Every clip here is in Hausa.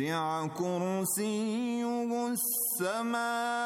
وسع كرسيه السماوات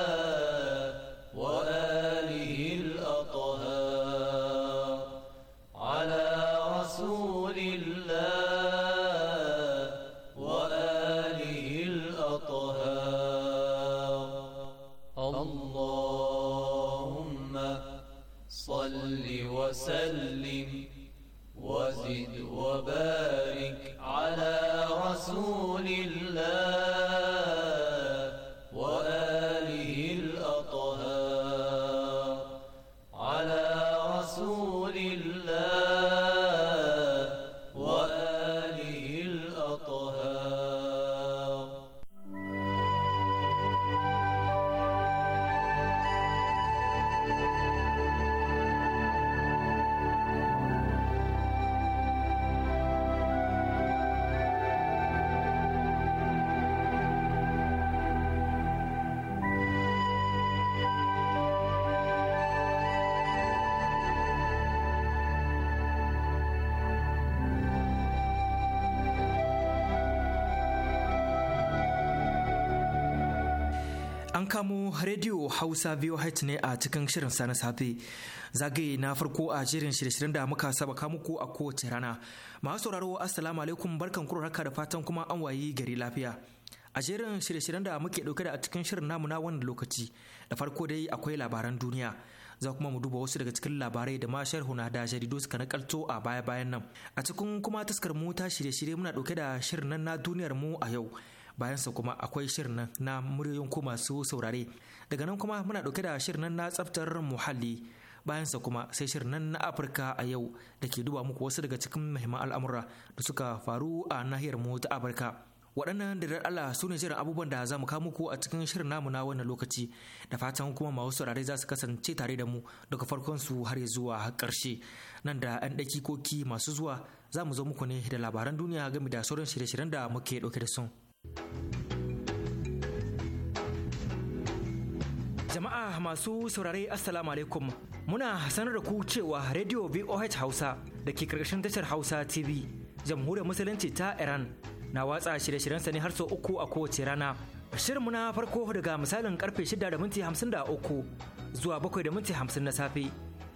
Hausa VOH ne a cikin shirin sa na safe. Zagaye na farko a jerin shirye-shiryen da muka saba muku a kowace rana. Masu sauraro Assalamu alaikum barkan ku haka da fatan kuma an wayi gari lafiya. A jerin shirye-shiryen da muke dauke da a cikin shirin namu na wannan lokaci da farko dai akwai labaran duniya. za kuma mu duba wasu daga cikin labarai da ma na da jaridu suka nakalto a baya-bayan nan a cikin kuma taskar mu ta shirye-shirye muna dauke da shirin nan na duniyar mu a yau bayansa kuma akwai shirin nan na muryoyin ku masu saurare daga nan kuma muna dauke da shirin nan na tsaftar muhalli bayansa kuma sai shirin nan na afirka a yau da ke duba muku wasu daga cikin muhimman al'amura da suka faru a nahiyar mu ta afirka waɗannan da Allah su ne jiran abubuwan da za mu kawo muku a cikin shirin namu na wannan lokaci da fatan kuma masu saurare za su kasance tare da mu daga farkon su har zuwa ƙarshe nan da 'yan daki koki masu zuwa za mu zo muku ne da labaran duniya game da sauran shirye-shiryen da muke ɗauke da sun. Jama'a masu saurare Assalamu alaikum muna sanar da ku cewa Radio VOH Hausa da ke karkashin tashar Hausa TV jamhuriyar musulunci ta Iran na watsa shirye shiryen ne har sau uku a kowace rana. shirin muna farko daga misalin karfe 6 da minti 53 zuwa 7 da minti 50 na safe.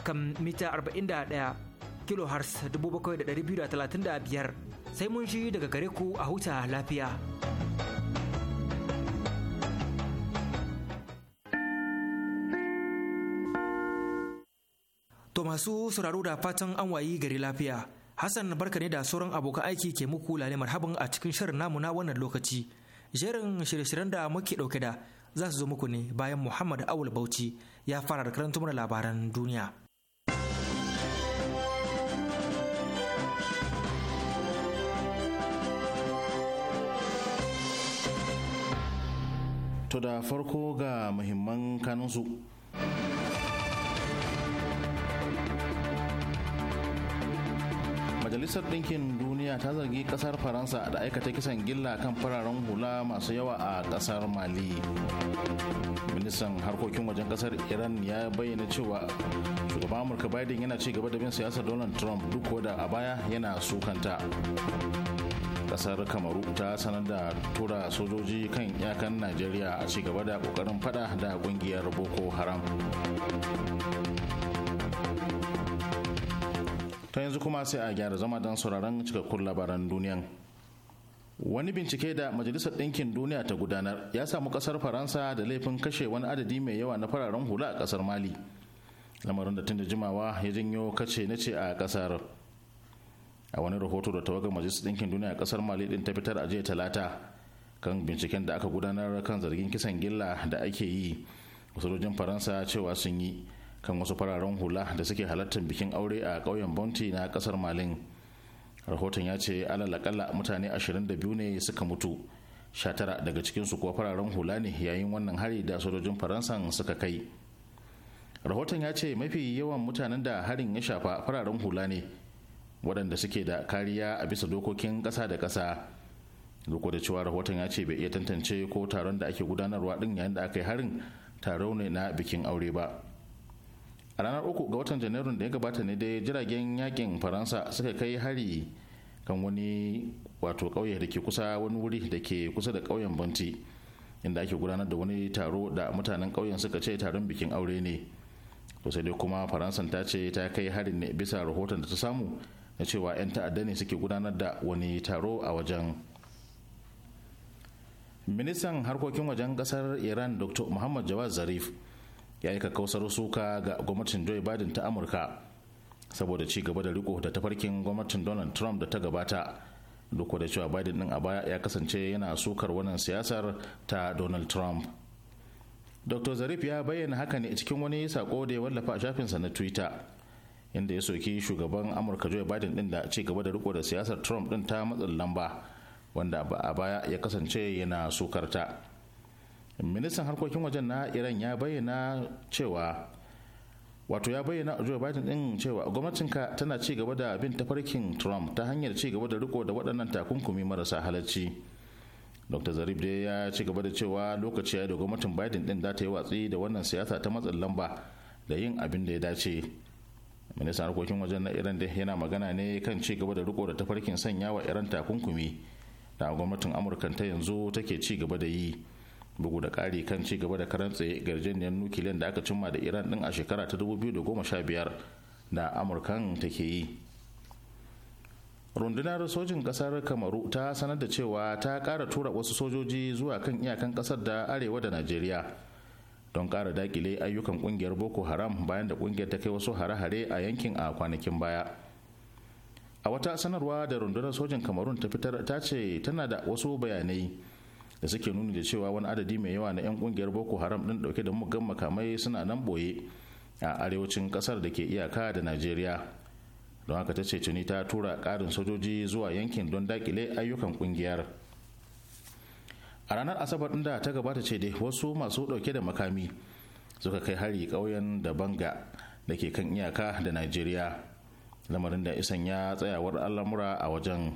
kan mita 41 kilohertz 7,235 sai mun shi daga gare ku a huta lafiya. To masu sauraro da fatan an wayi gari lafiya. Hassan barka ne da sauran abokan aiki ke muku lale marhaban a cikin shirin namu na wannan lokaci. Jerin shirye-shiryen da muke ɗauke da za su zo muku ne bayan Muhammad Awul Bauchi ya fara da karanta labaran duniya. To da farko ga muhimman kanunsu. Majalisar Ɗinkin Duniya ta zargi ƙasar Faransa da aikata kisan gilla kan fararen hula masu yawa a ƙasar Mali. Ministan harkokin wajen ƙasar Iran ya bayyana cewa shugaban Amurka Biden yana ci gaba da bin siyasar Donald Trump duk da a baya yana sukanta. kasar kamaru ta sanar da tura sojoji kan yakan najeriya a ci gaba da kokarin fada da kungiyar boko haram ta yanzu kuma sai a gyara zama don sauraron cikakkun labaran duniyan wani bincike da majalisar ɗinkin duniya ta gudanar ya samu ƙasar faransa da laifin kashe wani adadi mai yawa na fararen hula a ƙasar mali lamarin da tun da jimawa ya janyo kace na ce a ƙasar a wani rahoto da tawagar majalisar ɗinkin duniya a ƙasar mali ɗin ta fitar a jiya talata kan binciken da aka gudanar kan zargin kisan gilla da ake yi sojojin faransa cewa sun yi kan wasu fararen hula da suke halartar bikin aure a ƙauyen bonti na ƙasar mali rahoton ya ce alalakalla mutane ashirin da biyu ne suka mutu 19 daga cikinsu kuwa fararen hula ne yayin wannan hari da sojojin faransan suka kai rahoton ya ce mafi yawan mutanen da harin ya shafa fararen hula ne waɗanda suke da kariya a bisa dokokin ƙasa da ƙasa duk da cewa rahoton ya ce bai iya tantance ko taron da ake gudanarwa ɗin yayin da aka yi harin taro ne na bikin aure ba a ranar uku ga watan janairun da ya gabata ne dai jiragen yakin faransa suka kai hari kan wani wato ƙauye da ke kusa wani wuri da ke kusa da ƙauyen banti inda ake gudanar da wani taro da mutanen ƙauyen suka ce taron bikin aure ne to sai dai kuma faransan ta ce ta kai harin ne bisa rahoton da ta samu na cewa 'yan ta'adda ne suke gudanar da wani taro a wajen ministan harkokin wajen kasar iran dr muhammad jawad zarif ya yi kakkausar suka ga gwamnatin joe biden ta amurka saboda ci gaba da riko da tafarkin gwamnatin donald trump da ta gabata duk da cewa biden din a baya ya kasance yana sukar wannan siyasar ta donald trump dr zarif ya bayyana haka ne cikin wani sako da ya wallafa a shafinsa na twitter inda ya soki shugaban amurka joe biden din da ci gaba da riko da siyasar trump din ta matsin lamba wanda a baya ya kasance yana sukarta ministan harkokin wajen na iran ya bayyana cewa wato ya bayyana joe biden din cewa gwamnatinka tana ci gaba da bin tafarkin trump ta hanyar ci gaba da riko da waɗannan takunkumi marasa halarci dr zarif dai ya ci gaba da cewa lokaci ya da gwamnatin biden din za ta yi watsi da wannan siyasa ta matsin lamba da yin abin da ya dace ministan harkokin wajen na iran da yana magana ne kan ci gaba da riko da tafarkin sanya wa iran takunkumi da gwamnatin amurka ta yanzu take ci gaba da yi bugu da kari kan ci gaba da karantse garjeniyar nukiliyan da aka cimma da iran din a shekara ta 2015 da amurkan take yi rundunar sojin kasar kamaru ta sanar da cewa ta kara tura wasu sojoji zuwa kan iyakan kasar da arewa da najeriya don kara dakile ayyukan ƙungiyar boko haram bayan da ƙungiyar ta kai wasu hare-hare a yankin a kwanakin baya a wata sanarwa da rundunar sojin kamarun ta fitar ta ce tana da wasu bayanai da suke nuni da cewa wani adadi mai yawa na 'yan ƙungiyar boko haram din dauke da mugan makamai suna nan boye a arewacin kasar da ke iyaka da najeriya don haka ta ce tuni ta tura karin sojoji zuwa yankin don dakile ayyukan ƙungiyar a ranar asabar da ta gabata ce dai wasu masu dauke da makami suka kai hari ƙauyen da banga da ke kan iyaka da najeriya lamarin da isan ya tsayawar al'amura a wajen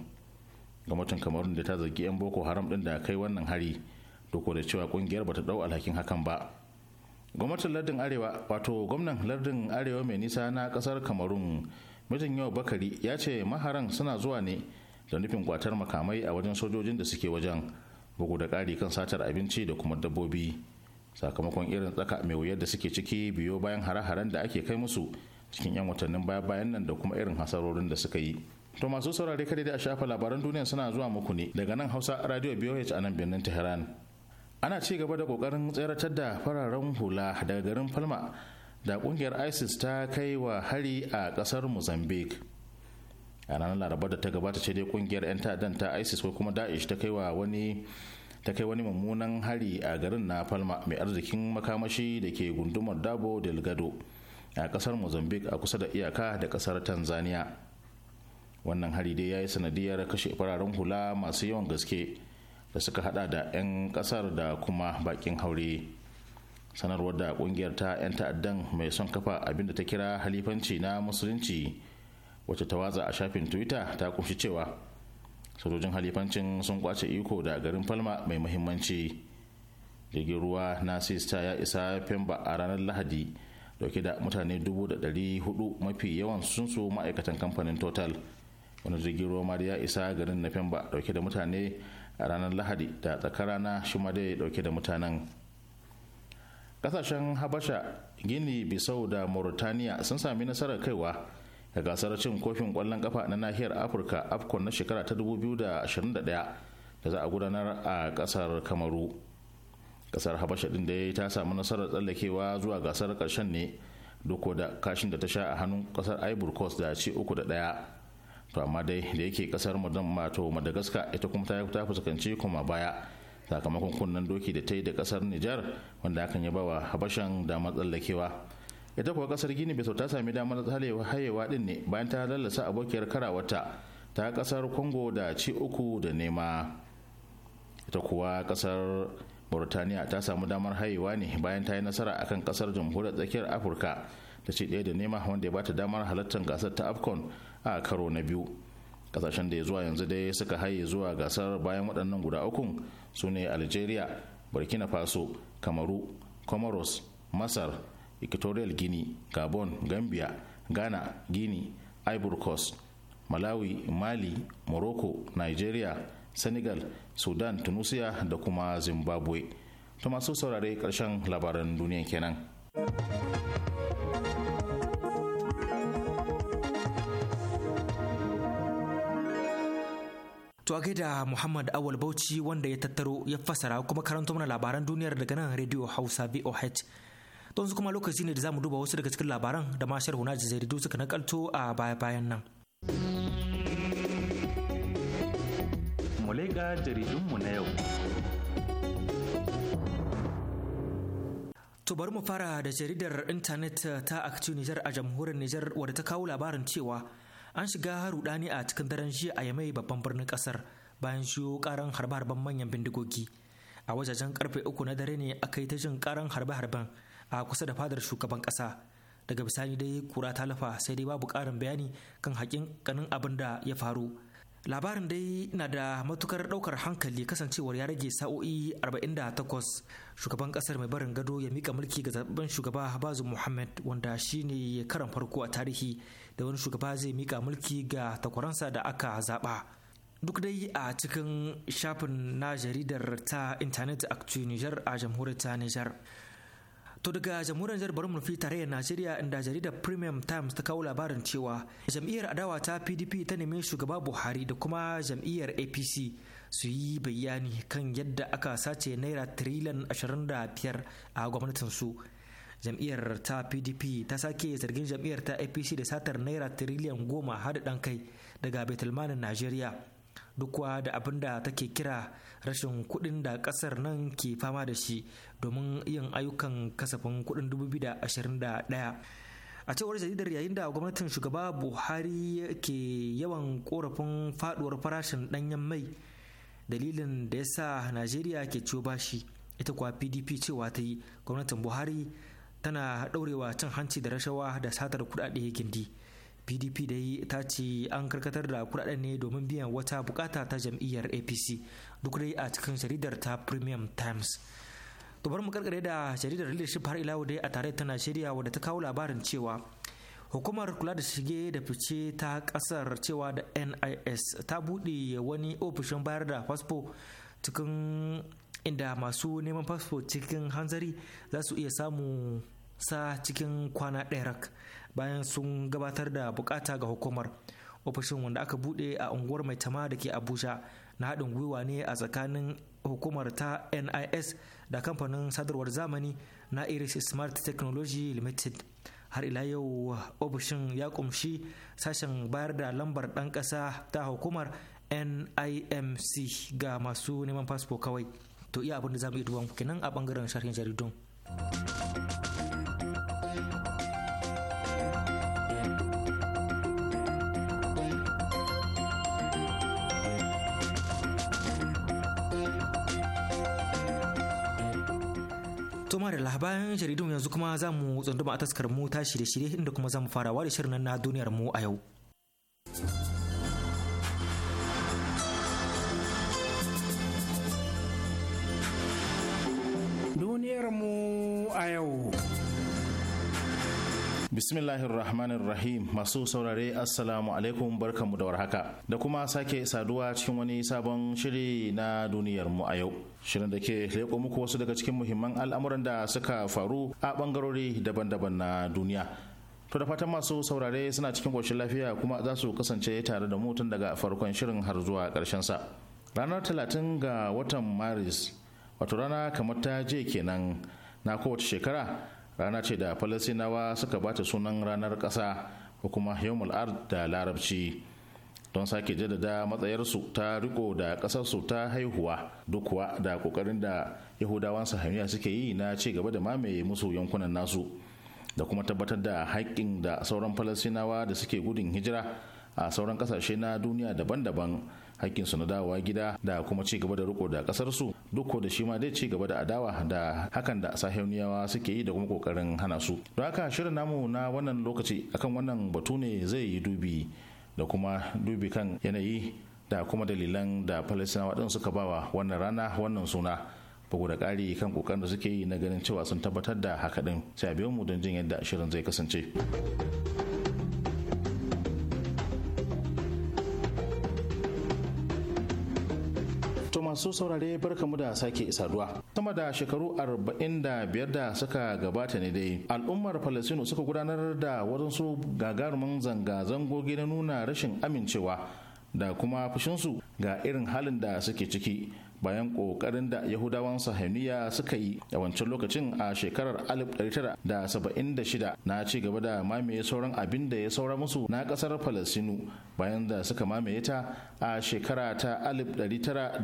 gwamnatin kamarun da ta zargi 'yan boko haram din da kai wannan hari doko da cewa kungiyar bata dau alhakin hakan ba gwamnatin lardin arewa wato gwamnan lardin arewa mai nisa na kasar kamarun mijin yau bakari ya ce maharan suna zuwa ne da nufin kwatar makamai a wajen sojojin da suke wajen bugu da ƙari kan satar abinci da kuma dabbobi sakamakon irin tsaka mai wuyar da suke ciki biyo bayan hare-haren da ake kai musu cikin 'yan watannin baya-bayan nan da kuma irin hasarorin da suka yi to masu saurare kare da a shafa labaran duniya suna zuwa muku ne daga nan hausa radio biyo a nan birnin tehran ana ci gaba da kokarin tseratar da fararen hula daga garin falma da kungiyar isis ta kai wa hari a kasar mozambique a ranar laraba da ta gabata ce dai kungiyar 'yan ta'addan ta isis ko kuma da'ish ta kai wa wani ta kai wani mummunan hari a garin na palma mai arzikin makamashi da ke gundumar dabo delgado a kasar mozambique a kusa da iyaka da kasar tanzania wannan hari dai ya yi sanadiyar kashe fararen hula masu yawan gaske da suka hada da 'yan kasar da kuma bakin haure sanarwar da kungiyar ta 'yan ta'addan mai son kafa abinda ta kira halifanci na musulunci wacce ta watsa a shafin twitter ta kunshi cewa sojojin halifancin sun kwace iko da garin falma mai muhimmanci jirgin ruwa na sista ya isa femba a ranar lahadi dauke da mutane 400 mafi yawan sun su ma'aikatan kamfanin total wani jirgin ruwa ma ya isa garin na pemba dauke da mutane a ranar lahadi da tsakar na shi ma dai dauke da mutanen kasashen habasha gini bisau da mauritania sun sami nasarar kaiwa da gasar cin kofin kwallon kafa na nahiyar afirka afcon na shekara ta 2021 da za a gudanar a kasar kamaru kasar habasha din da ya yi ta samu nasarar tsallakewa zuwa gasar karshen ne doko da kashin da ta sha a hannun kasar ivory coast da ce uku da daya to amma dai da yake kasar mato madagascar ita kuma ta ta fuskanci kuma baya sakamakon kunnen doki da ta yi da kasar nijar wanda hakan ya bawa habashan damar tsallakewa ita kuwa kasar gini bisau ta sami damar tsalewa hayewa din ne bayan ta lallasa abokiyar karawata ta kasar congo da ci uku da nema ita kuwa kasar burtaniya ta samu damar hayewa ne bayan ta yi nasara akan kasar jamhuriyar tsakiyar afirka ta ci ɗaya da nema wanda ya bata damar halartar gasar ta afcon a karo na biyu kasashen da ya zuwa yanzu dai suka haye zuwa gasar bayan waɗannan guda ukun su ne algeria burkina faso kamaru comoros masar equatorial guinea gabon gambia ghana guinea ivory coast malawi mali morocco nigeria senegal sudan tunisia da kuma zimbabwe to masu saurare karshen labaran duniya kenan To a gaida Muhammad Awal Bauchi wanda ya tattaro ya fasara kuma karanto mana labaran duniyar daga nan Radio Hausa VOH don su kuma lokaci ne da za duba wasu daga cikin labaran da ma sharhu da jaridu suka nakalto a baya-bayan nan. Mulega jaridunmu na yau. To bari mu fara da jaridar intanet ta Aktu Nijar a jamhuriyar Nijar wadda ta kawo labarin cewa an shiga rudani a cikin daren jiya a yamai babban birnin kasar bayan shiyo karan harbe-harben manyan bindigogi. A wajajen karfe uku na dare ne aka yi ta jin karan harbe-harben a kusa da fadar shugaban kasa daga bisani dai kura ta lafa sai dai babu karin bayani kan kanin abin da ya faru labarin dai na da matukar daukar hankali kasancewar ya rage sa'o'i 48 shugaban kasar mai barin gado ya mika mulki ga zaben shugaba bazu muhammad wanda shi shine karan farko a tarihi da wani shugaba zai mika mulki ga takwaransa da aka zaba duk dai a cikin shafin na jaridar ta intanet a niger a jamhuriyar ta niger To daga jamhuriyar jihar Borno mu tarayyar Najeriya inda jaridar Premium Times ta kawo labarin cewa jam'iyyar adawa ta PDP ta nemi shugaba Buhari da kuma jam'iyyar APC su yi bayani kan yadda aka sace naira tiriliyan 25 a gwamnatin su. Jam'iyyar ta PDP ta sake zargin jam'iyyar ta APC da satar naira tiriliyan goma haɗa ɗan kai daga Betulmanin Najeriya. Duk da abin da take kira rashin kuɗin da ƙasar nan ke fama da shi domin yin ayyukan kasafin kuɗin 2021 a cewar jaridar yayin da gwamnatin shugaba buhari ke yawan korafin faduwar farashin ɗanyen mai dalilin da ya sa najeriya ke ciyo bashi ita kuwa pdp cewa ta yi gwamnatin buhari tana daurewa cin hanci da rashawa da satar kuɗaɗe gindi pdp dai ta ce an karkatar da kudaden ne domin biyan wata bukata ta jam'iyyar apc duk dai a cikin jaridar ta premium times to bar mu karkare da jaridar leadership har ila dai a tare ta nigeria wadda ta kawo labarin cewa hukumar kula da shige da fice ta kasar cewa da NIS ta buɗe wani ofishin bayar da fasfo cikin inda masu neman fasfo cikin hanzari za su iya samu sa cikin kwana ɗaya rak bayan sun gabatar da bukata ga hukumar ofishin wanda aka buɗe a unguwar mai tama da ke abuja na haɗin gwiwa ne a tsakanin hukumar ta nis da kamfanin sadarwar zamani na iris smart technology limited har ila yau ofishin ya kumshi sashen bayar da lambar ɗan ƙasa ta hukumar nimc ga masu neman fasfo kawai to iya abinda da za mu yi duban kenan a bangaren sharhin jaridun To da bayan jaridun yanzu kuma za mu tsunduma a taskar mu ta shirye-shirye inda kuma za mu farawa da shirin na duniyar mu a yau. Duniyar mu a yau. Bismillahir Rahmanir Rahim masu saurare Assalamu alaikum barkamu da warhaka da kuma sake saduwa cikin wani sabon shiri na duniyar mu a yau. Shirin da ke leƙo muku wasu daga cikin muhimman al'amuran da suka faru a bangarori daban-daban na duniya. To da fatan masu saurare suna cikin ƙoshin lafiya kuma za su kasance tare da mu daga farkon shirin har zuwa ƙarshen sa. Ranar talatin ga watan Maris wato rana kamar ta je kenan na kowace shekara rana ce da falasinawa suka bata sunan ranar ƙasa ko kuma yawmul ard da larabci don sake jaddada matsayarsu ta riko da ƙasarsu ta haihuwa duk kuwa da ƙoƙarin da yahudawan sahamiya suke yi na ci gaba da mamaye musu yankunan nasu da kuma tabbatar da haƙƙin da sauran falasinawa da suke gudun hijira a sauran ƙasashe na duniya daban-daban hakinsu na dawowa gida da kuma ci gaba da riko da kasarsu duk da shi ma dai ci gaba da adawa da hakan da sahiyoniyawa suke yi da kuma kokarin hana su don haka shirin namu na wannan lokaci akan wannan batu ne zai yi dubi da kuma dubi kan yanayi da kuma dalilan da falasinawa din suka bawa wannan rana wannan suna bugu da ƙari kan kokarin da suke yi na ganin cewa sun tabbatar da haka din sai a biyo mu don jin yadda shirin zai kasance. masu saurare barkamu da sake saduwa. Sama da shekaru 45 da suka gabata ne dai, al'ummar palestino suka gudanar da wadansu gagarumin zanga zango na nuna rashin amincewa da kuma fushinsu ga irin halin da suke ciki bayan kokarin da yahudawan sahaniya suka yi a wancan lokacin a shekarar 1976 na ci gaba da mamaye sauran abin da ya saura musu na kasar falasinu bayan da suka mamaye ta a shekara ta 1948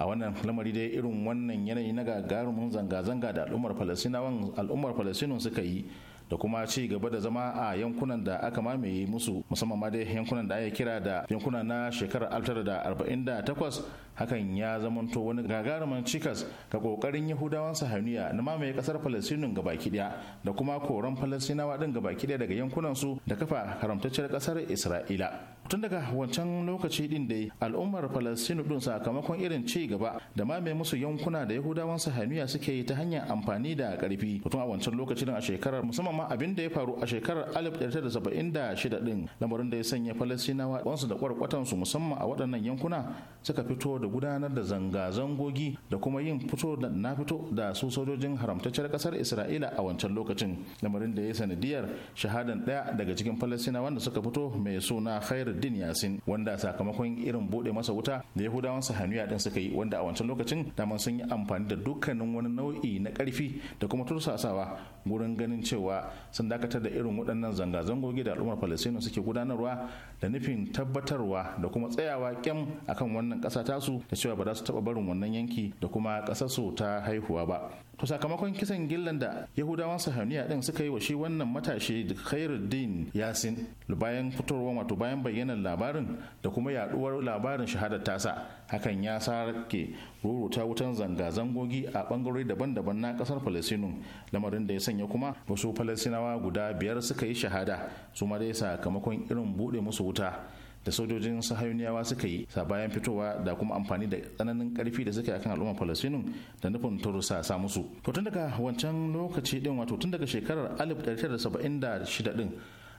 a wannan lamari dai irin wannan yanayi na gagarumin zanga-zanga da al'ummar falasinawan al'ummar falasinun suka yi da kuma ci gaba da zama a yankunan da aka mamaye musu musamman ma dai yankunan da ake kira da yankunan na shekarar 1948 hakan ya zamanto wani gagarumin cikas ga kokarin yahudawan sahaniya na mamaye kasar falastinun gaba daya da kuma koran falastinawa din gaba daya daga yankunan su da kafa haramtacciyar kasar isra'ila tun daga wancan lokaci din dai al'ummar falastinu din sakamakon irin ci gaba da mamaye musu yankuna da yahudawan sahaniya suke yi ta hanyar amfani da karfi mutum a wancan lokacin a shekarar musamman ma abin da ya faru a shekarar 1976 din lamarin da ya sanya falastinawa wansu da kwarkwatan su musamman a waɗannan yankuna suka fito da da gudanar da zanga-zangogi da kuma yin fito da na fito da su sojojin haramtacciyar kasar isra'ila a wancan lokacin lamarin da ya sanadiyar shahadan ɗaya daga cikin falasina wanda suka fito mai suna din yasin wanda sakamakon irin bude masa wuta da yahudawan sahaniya din suka yi wanda a wancan lokacin daman sun yi amfani da dukkanin wani nau'i na karfi da kuma tursasawa gurin ganin cewa sun dakatar da irin waɗannan zanga-zangogi da al'ummar falasina suke gudanarwa da nufin tabbatarwa da kuma tsayawa kyam akan wannan ƙasa tasu da cewa ba za su taba barin wannan yanki da kuma kasar su ta haihuwa ba to sakamakon kisan gillan da yahudawan sahaniya din suka yi wa shi wannan matashi da khairuddin yasin bayan fitowar wato bayan bayyanar labarin da kuma yaduwar labarin shahadar tasa hakan ya sarke rorota wutan zanga-zangogi a bangarori daban-daban na kasar falasinu lamarin da ya sanya kuma wasu falasinawa guda biyar suka yi shahada su ma dai sakamakon irin bude musu wuta da sojojin sahayuniyawa suka yi sa bayan fitowa da kuma amfani da tsananin karfi da suka yi akan al'ummar falasinu da nufin turusa sa musu to tun daga wancan lokaci din wato tun daga shekarar 1976 din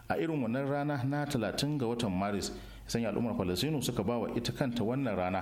a irin wannan rana na 30 ga watan maris sanya al'ummar falasinu suka bawa ita kanta wannan rana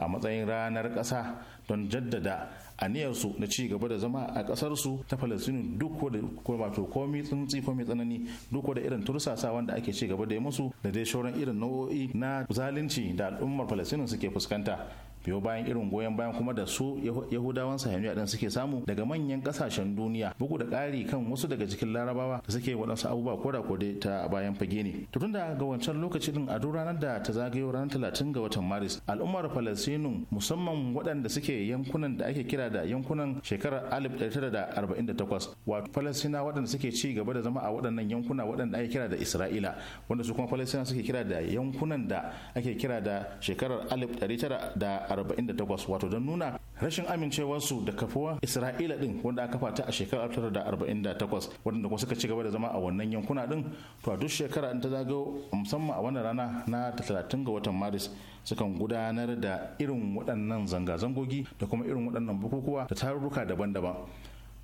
a matsayin ranar ƙasa don jaddada aniyarsu na ci gaba da zama a ƙasarsu ta falastinu duk da wato komi tsuntsi ko mai tsanani duk da irin tursasa wanda ake ci gaba da yi musu da dai shauran irin nau'o'i na zalunci da al'ummar falastinu suke fuskanta biyo bayan irin goyon bayan kuma da su yahudawan sahiyaniya din suke samu daga manyan kasashen duniya bugu da ƙari kan wasu daga cikin larabawa da suke waɗansu abubuwa ko da kode ta bayan fage ne to da ga wancan lokaci din a duk ranar da ta zagayo ranar talatin ga watan maris al'ummar falastinu musamman waɗanda suke yankunan da ake kira da yankunan shekarar 1948 wato falastina waɗanda suke ci gaba da zama a waɗannan yankuna waɗanda ake kira da isra'ila wanda su kuma falastina suke kira da yankunan da ake kira da shekarar 1948 1948 wato don nuna rashin amincewarsu da kafuwa isra'ila din wanda aka fata a shekarar 1948 wadanda kuma suka ci gaba da zama a wannan yankuna din to a duk shekara ta zagayo musamman a wannan rana na 30 ga watan maris sukan gudanar da irin waɗannan zanga-zangogi da kuma irin waɗannan bukukuwa da tarurruka daban-daban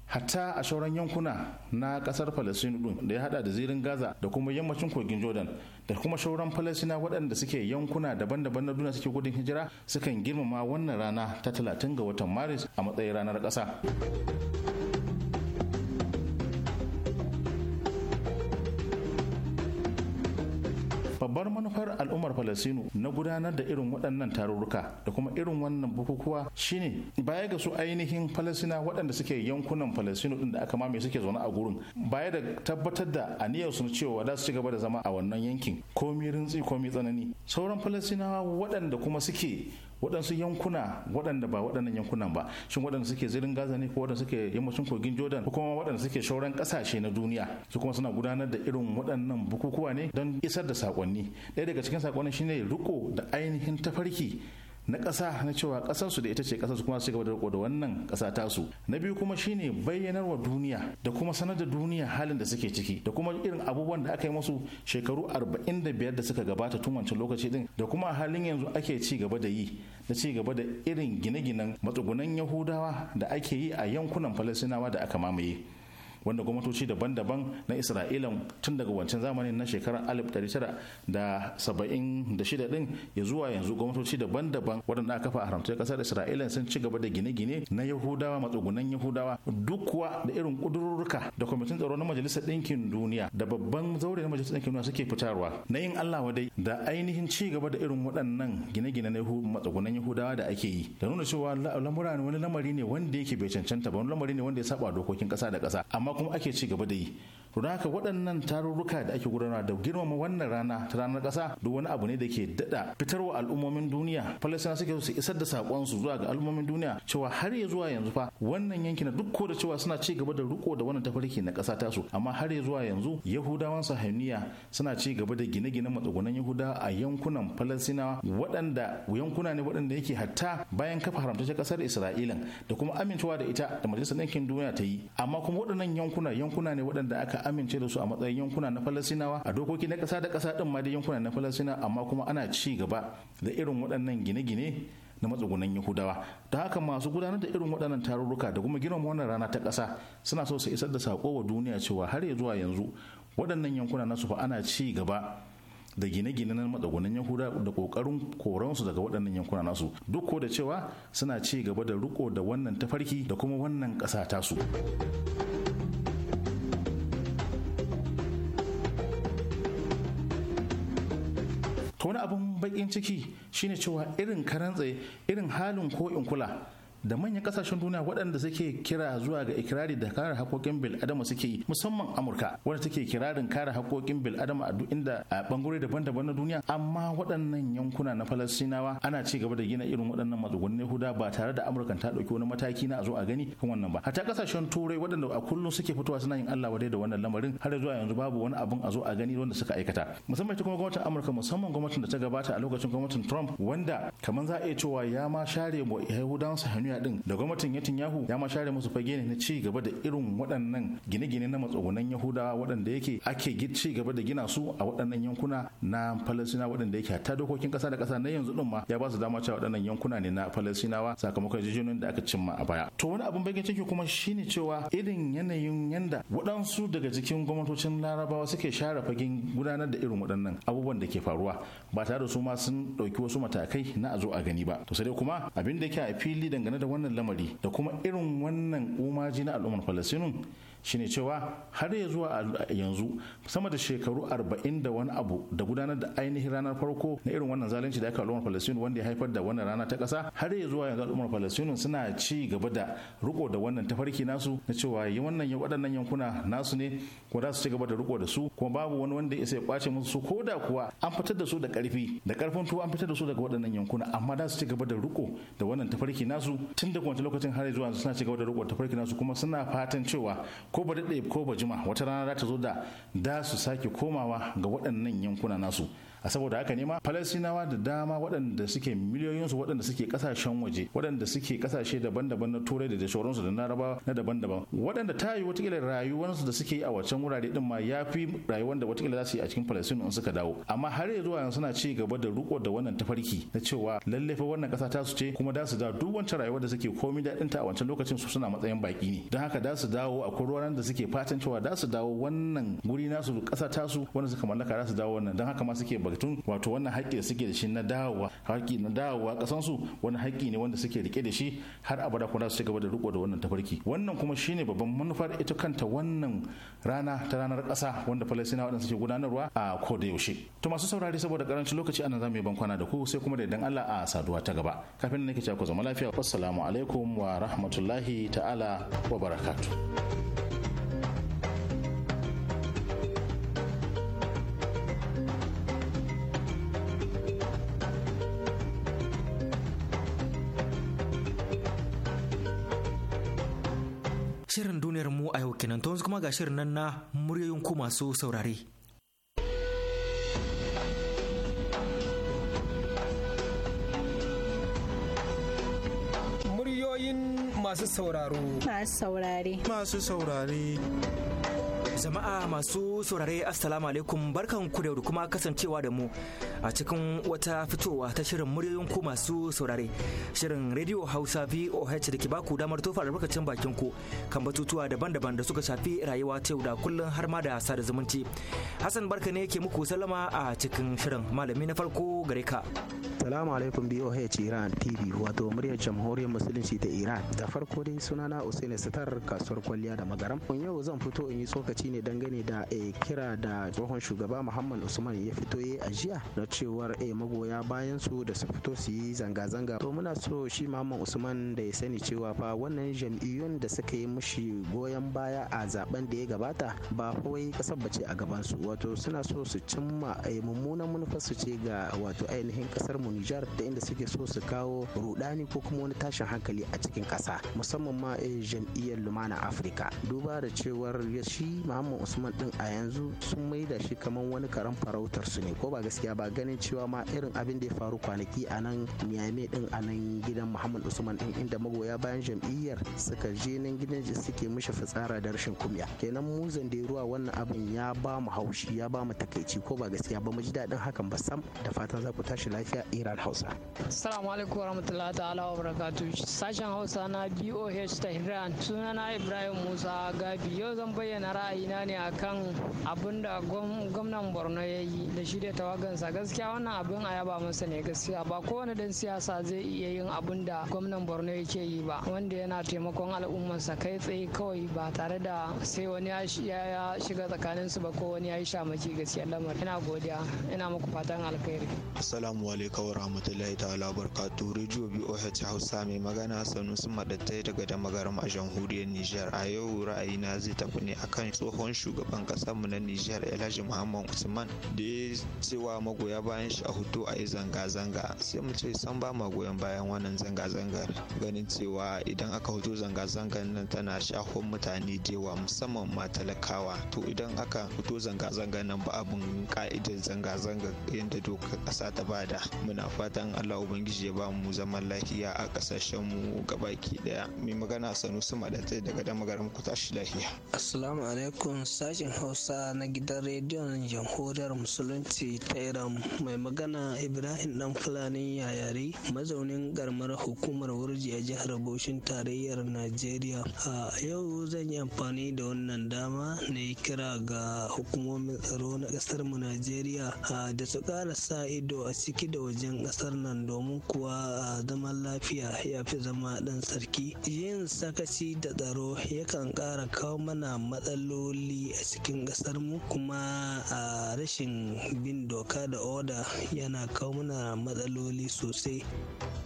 hatta a shauran yankuna na kasar falasinu din da ya hada da zirin gaza da kuma yammacin kogin jordan da kuma shauran falasina waɗanda suke yankuna daban-daban na duniya suke gudun hijira sukan girmama wannan rana ta 30 ga watan maris a matsayin ranar ƙasa Falasino na gudanar da irin waɗannan tarurruka da kuma irin wannan bukukuwa shine baya ga su ainihin falasina waɗanda suke yankunan falasino din da aka mamaye suke zaune a gurin baya da tabbatar da aniyar su cewa za su ci gaba da zama a wannan yankin komi rintsi komi tsanani sauran falasinawa waɗanda kuma suke waɗansu yankuna waɗanda ba waɗannan yankunan ba shin waɗanda suke zirin gaza ne ko waɗanda suke yammacin kogin jordan ko kuma waɗanda suke shauran ƙasashe na duniya su kuma suna gudanar da irin waɗannan bukukuwa ne don isar da sakonni ɗaya daga cikin shi shine riko da ainihin tafarki na ƙasa na cewa ƙasarsu da ita ce ƙasarsu kuma su gaba da wannan ƙasa tasu na biyu kuma shine bayyanarwa duniya da kuma sanar da duniya halin da suke ciki da kuma irin abubuwan da aka yi musu shekaru arba'in da biyar da suka gabata tun wancan lokaci din da kuma halin yanzu ake ci gaba da yi na ci gaba da irin gine-ginen matsugunan yahudawa da ake yi a yankunan falasinawa da aka mamaye wanda gwamnatoci daban-daban na isra'ila tun daga wancan zamanin na shekarar alif tara da da saba'in shida din ya zuwa yanzu gwamnatoci daban-daban waɗanda aka kafa a haramtar ƙasar isra'ila sun ci gaba da gine-gine na yahudawa matsugunan yahudawa duk kuwa da irin ƙudurruka da kwamitin tsaro na majalisar ɗinkin duniya da babban zaure na majalisar ɗinkin duniya suke fitarwa na yin allah wadai da ainihin ci gaba da irin waɗannan gine-gine na matsugunan yahudawa da ake yi da nuna cewa lamura wani lamari ne wanda yake bai cancanta ba wani lamari ne wanda ya saba dokokin ƙasa da ƙasa amma kuma ake ci gaba da yi don haka waɗannan tarurruka da ake gudanarwa da girmama wannan rana ta ranar ƙasa duk wani abu ne da ke daɗa fitarwa al'ummomin duniya Falasina suke su isar da saƙonsu zuwa ga al'ummomin duniya cewa har ya zuwa yanzu fa wannan yanki na duk ko da cewa suna ci gaba da riko da wannan tafarki na ƙasa tasu amma har ya zuwa yanzu yahudawan sahaniya suna ci gaba da gine-gine matsugunan yahuda a yankunan falasina waɗanda yankuna ne waɗanda yake hatta bayan kafa haramtaccen ƙasar isra'ilan da kuma amincewa da ita da majalisar ɗinkin duniya ta yi amma kuma waɗannan yankuna yankuna ne waɗanda aka amince da su a matsayin yankuna na falasinawa a dokoki na ƙasa da ƙasa ɗin ma da yankuna na falasina amma kuma ana ci gaba da irin waɗannan gine-gine na matsugunan yahudawa ta haka masu gudanar da irin waɗannan tarurruka da kuma girma wannan rana ta ƙasa suna so su isar da saƙo wa duniya cewa har ya zuwa yanzu waɗannan yankuna nasu fa ana ci gaba da gine-gine na matsugunan yahudawa da ƙoƙarin koransu daga waɗannan yankuna nasu duk ko da cewa suna ci gaba da riko da wannan tafarki da kuma wannan ƙasa tasu. baƙin bakin ciki shine cewa irin karantse irin halin ko in kula da manyan kasashen duniya waɗanda suke kira zuwa ga ikirari da kare haƙoƙin bil adama suke yi musamman amurka wadda take kirarin kare haƙoƙin bil adama a duk inda a bangare daban-daban na duniya amma waɗannan yankuna na falastinawa ana ci gaba da gina irin waɗannan matsugunni huda ba tare da amurka ta ɗauki wani mataki na a zo a gani kan wannan ba hatta kasashen turai waɗanda a kullum suke fitowa suna yin allah wadai da wannan lamarin har zuwa yanzu babu wani abin a zo a gani wanda suka aikata musamman ita kuma gwamnatin amurka musamman gwamnatin da ta gabata a lokacin gwamnatin trump wanda kamar za a iya cewa ya ma share wa sa hannu duniya din da gwamnatin Netanyahu ya ma share musu fage ne na ci gaba da irin waɗannan gine-gine na matsugunan Yahudawa waɗanda yake ake ci gaba da gina su a waɗannan yankuna na Falasina waɗanda yake hatta dokokin ƙasa da ƙasa na yanzu din ma ya ba su dama cewa waɗannan yankuna ne na Falasinawa sakamakon jijiyoyin da aka cimma a baya. To wani abin bakin ciki kuma shine cewa irin yanayin yanda waɗansu daga cikin gwamnatocin Larabawa suke share fagen gudanar da irin waɗannan abubuwan da ke faruwa ba tare da su ma sun ɗauki wasu matakai na a zo a gani ba. To sai dai kuma abin da ke a fili dangane dangane da wannan lamari da kuma irin wannan umaji na al'ummar falasinu. shine cewa har ya zuwa yanzu sama da shekaru arba'in da wani abu da gudanar da ainihin ranar farko na irin wannan zalunci da aka al'ummar Falasɗinu wanda ya haifar da wannan rana ta ƙasa har ya zuwa yanzu al'ummar Falasɗinu suna ci gaba da riko da wannan tafarki nasu na cewa wannan waɗannan yankuna nasu ne kuma za su ci gaba da riko da su kuma babu wani wanda ya isa kwace musu su da kuwa an fitar da su da ƙarfi da ƙarfin tuwo an fitar da su daga waɗannan yankuna amma za su ci gaba da riko da wannan tafarki nasu tun da kwanci lokacin har zuwa suna ci gaba da riko tafarki nasu kuma suna fatan cewa ko ba daɗe ko ba jima wata rana za ta zo da da su sake komawa ga waɗannan yankuna nasu a saboda haka ne ma falasinawa da dama waɗanda suke miliyoyin su waɗanda suke kasashen waje waɗanda suke kasashe daban-daban na turai da sauransu da naraba na daban-daban waɗanda ta yi watakila rayuwarsu da suke yi a wancan wurare din ma ya fi rayuwar da watakila za su yi a cikin falasinu in suka dawo amma har yanzu a suna ci gaba da riko da wannan tafarki na cewa lalle fa wannan ƙasa ta su ce kuma da su da duk wancan rayuwar da suke komi daɗin ta a wancan lokacin su suna matsayin baki ne don haka da su dawo a kurwaran da suke fatan cewa da su dawo wannan guri nasu ƙasa su wanda suka mallaka da su dawo wannan don haka ma suke albarkatun wato wannan haƙƙi da suke da shi na dawowa haƙƙi na dawowa ƙasan su wani haƙƙi ne wanda suke rike da shi har abada kuma su ci gaba da riko da wannan tafarki wannan kuma shine babban manufar ita kanta wannan rana ta ranar ƙasa wanda falasina waɗanda suke gudanarwa a ko da yaushe to masu saurari saboda karancin lokaci za zamu yi bankwana da ku sai kuma da idan Allah a saduwa ta gaba kafin nake cewa ku zama lafiya assalamu alaikum wa rahmatullahi ta'ala wa barakatuh kuma ga shirin nan na muryoyin ku masu saurare. Muryoyin masu sauraro. Masu saurare. Masu saurare. Jama'a masu saurare Assalamu alaikum barkan ku da kuma kasancewa da mu a cikin wata fitowa ta shirin muryoyin ku masu saurare. Shirin Radio Hausa h da ke baku damar tofa albarkacin bakin ku kan batutuwa daban-daban da suka shafi rayuwa ta yau da kullun har ma da sada zumunci. Hassan barka ne ke muku sallama a cikin shirin malami na farko gare ka. Assalamu alaikum BOH Iran TV wato muryar jamhuriyar musulunci ta Iran da farko dai sunana Usaini Sitar kasuwar kwalliya da magaram. Yau zan fito in yi tsokaci shine dangane da eh, kira da tsohon shugaba muhammad usman ya fito ya a jiya na cewar eh, magoya bayan su da su fito su yi zanga-zanga to muna so shi muhammad usman da ya sani cewa fa wannan jam'iyyun da suka yi mushi goyon baya a zaben da ya gabata ba kawai kasar bace a gaban su wato suna so su cimma eh, mummunan manufar su ce ga wato ainihin kasar mu Nijar da inda suke so su kawo rudani ko kuma wani tashin hankali a cikin kasa musamman ma jam'iyyar Lumana Afirka duba da cewar shi muhammad usman din a yanzu sun mai da shi kamar wani karan farautar su ne ko ba gaskiya ba ganin cewa ma irin abin da ya faru kwanaki a nan miyame din a nan gidan muhammad usman din inda magoya bayan jam'iyyar suka je nan gidan suke mishi fitsara da rashin kumya kenan mu ruwa wannan abin ya ba mu haushi ya ba mu takaici ko ba gaskiya ba mu ji daɗin hakan ba sam da fatan za ku tashi lafiya iran hausa assalamu alaikum warahmatullahi ta'ala wa barakatuh sashen hausa na boh ta sunana ibrahim musa gabi yau zan bayyana ra'ayi ina ne a kan abin da gwamnan borno ya yi da shi da tawagansa gaskiya wannan abin a yaba masa ne gaskiya ba kowane dan siyasa zai iya yin abin da gwamnan borno yake yi ba wanda yana taimakon al'ummarsa kai tsaye kawai ba tare da sai wani ya shiga tsakaninsu ba ko wani ya yi shamaki gaskiya lamar ina godiya ina muku fatan alkhairi assalamu alaikum rahmatullahi ta'ala barkatu radio boh hausa mai magana sanusi madattai daga damagaram a jamhuriyar niger a yau ra'ayina zai tafi ne akan tsohon tsohon shugaban kasarmu na Nijar Alhaji Muhammad Usman da ya cewa magoya bayan shi a hoto a yi zanga-zanga sai mu ce san ba ma goyon bayan wannan zanga-zangar ganin cewa idan aka hoto zanga-zangar nan tana shafin mutane dewa musamman ma talakawa to idan aka hoto zanga-zangar nan ba abin ka'idar zanga-zanga yadda dokar kasa ta bada muna fatan Allah Ubangiji ya ba mu zaman lafiya a kasashen mu gabaki daya mai magana Sanusi Madatai daga damagaram ku tashi lafiya assalamu alaikum Kun sashen hausa na gidan rediyon jamhuriyar musulunci ta iran mai magana ibrahim ɗan fulani yayari mazaunin garmar hukumar wurji a jihar bauchin tarayyar najeriya a yau zan yi amfani da wannan dama na yi kira ga hukumomin tsaro na kasar mu najeriya da su kara sa ido a ciki da wajen ƙasar nan domin kuwa zaman lafiya ya fi zama ɗan sarki yin sakaci da tsaro yakan ƙara kawo mana matsaloli matsaloli a cikin ƙasar mu kuma a rashin bin doka da oda yana kawo mana matsaloli sosai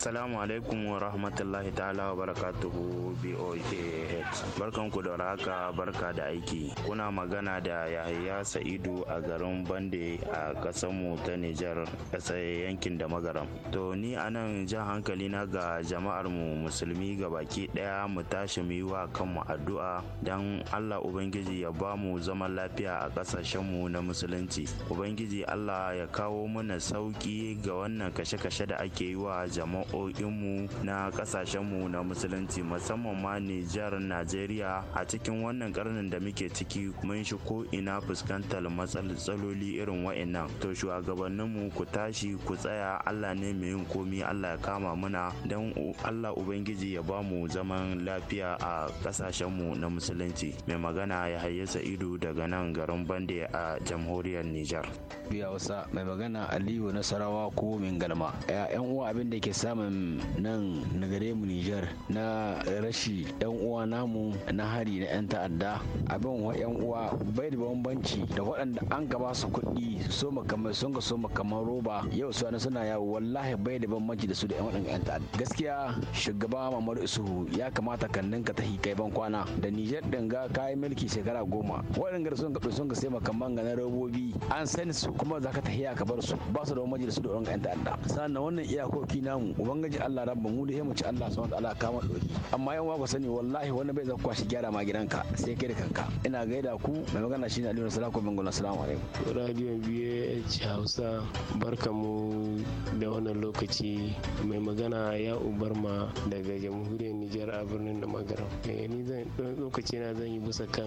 Salamu alaikum wa rahmatullahi ta'ala wa barakatuhu BOAH. Barkan ku da haka barka da aiki. Kuna magana da Yahaya Sa'idu a garin Bande a mu ta Nijar ƙasar yankin da magaram. To ni a nan jan hankali na ga jama'ar mu musulmi ga baki ɗaya mu tashi mu yi wa kanmu addu'a don Allah Ubangiji ya ba mu zaman lafiya a ƙasashenmu na musulunci ubangiji allah ya kawo mana sauƙi ga wannan kashe-kashe da ake yi wa jama'o'inmu na ƙasashenmu na musulunci musamman ma nijar najeriya a cikin wannan karnin da muke ciki mun shi ko ina fuskantar matsaloli irin wa'annan to shugabanninmu ku tashi ku tsaya allah ne mai yin komi allah ya kama muna don allah ubangiji ya ba mu zaman lafiya a ƙasashenmu na musulunci mai magana ya Sadiya Sa'idu daga nan garin Bande a jamhuriyar Nijar. Biya wasa mai magana Aliyu Nasarawa ko Mingalma. ‘Yan uwa abin da ke samun nan na gare mu Nijar na rashi ‘yan uwa namu na hari na ‘yan ta'adda. Abin wa ‘yan uwa bai da bambanci da waɗanda an gaba su kuɗi so makamai sun ga so makamai roba yau su suna yawo wallahi bai da bambanci da su da ‘yan waɗanda ‘yan ta'adda. Gaskiya shugaba Mamadu Isuhu ya kamata kannin ka tahi kai ban kwana da Nijar ɗin ga kayan mulki shekara goma waɗanda sun kaɗu sun ka sai makamman ga na robobi an san su kuma za ka tafiya ka bar su ba su da wani majalisu da wani ƴan ta'adda sannan wannan iyakoki namu ubangiji Allah rabba mu da mu ci Allah subhanahu wataala kama ɗori amma yan ku sani wallahi wani bai zakwa kwashi gyara ma gidanka sai kai da kanka ina gaida ku mai magana shine Aliyu Rasulaku Bengo assalamu alaikum radio BH Hausa barka mu da wannan lokaci mai magana ya ubar ma daga jamhuriyar Nijar a birnin da Magaram eh, ni zan lokaci na zan yi bisa kan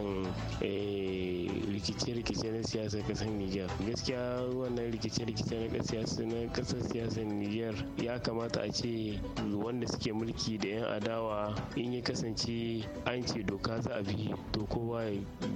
Eh, rikice-rikice na kasar niger Gaskiya wannan rikice-rikice na kasar siyasar Nijar ya kamata a ce wanda suke mulki da 'yan adawa in ya kasance an ce doka za a bi to kowa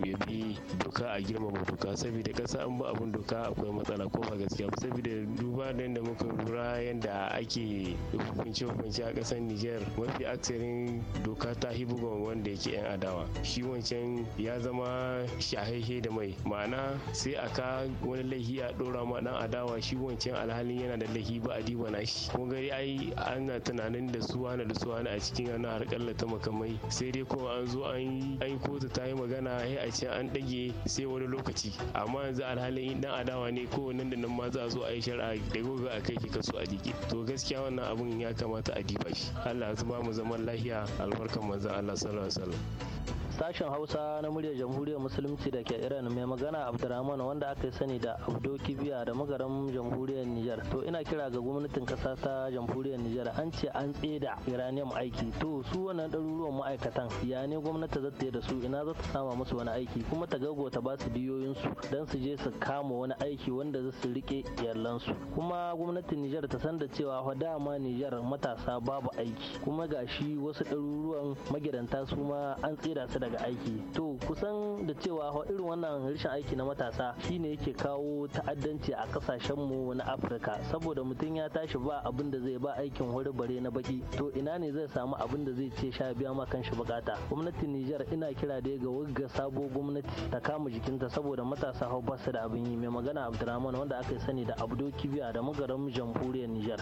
ya bi doka a girmama doka saboda kasa an ba abin doka akwai matsala ko ba gaskiya saboda duba da yadda muka lura yadda ake hukunci-hukunci a kasar Nijar mafi aksarin doka ta ga wanda yake 'yan adawa shi wancan ya zama kuma shahahe da mai ma'ana sai a ka wani laifi a ɗora ma ɗan adawa shi wancan alhalin yana da laifi ba a diba na shi kun gari ai ana tunanin da su wani da su wani a cikin ana harƙalla ta makamai sai dai kuma an zo an yi kotu ta yi magana sai a can an dage sai wani lokaci amma yanzu alhalin dan adawa ne ko wannan da nan ma za a zo a yi shari'a da gobe a kai ki kaso a jiki to gaskiya wannan abun ya kamata a diba shi Allah ya ba mu zaman lafiya albarkan manzon Allah sallallahu alaihi wasallam Sashen Hausa na muryar Jamhuriyar Musulunci da ke Iran mai magana Abdurrahman wanda aka sani da Abdo Kibiya da magaran Jamhuriyar Nijar. To ina kira ga gwamnatin kasa ta Jamhuriyar Nijar an ce an tseda Iranium aiki. To su wannan ɗaruruwan ma'aikatan ya ne gwamnati za ta yi da su ina za ta sama musu wani aiki kuma ta gaggauta ba su biyoyinsu don su je su kama wani aiki wanda za su rike yallansu. Kuma gwamnatin Nijar ta san da cewa fa dama Nijar matasa babu aiki kuma gashi wasu ɗaruruwan magidanta su ma an tseda su da daga aiki to kusan da cewa irin wannan rashin aiki na matasa shine yake kawo ta'addanci a kasashen mu na afirka saboda mutum ya tashi ba abin da zai ba aikin hori bare na baki to ina ne zai samu abin da zai ce sha biya ma kanshi bukata gwamnatin nijar ina kira da ga wagga sabo gwamnati ta kama jikinta saboda matasa hau ba da abin yi mai magana abdulrahman wanda aka sani da abdo kibiya da magaram jamhuriyar nijar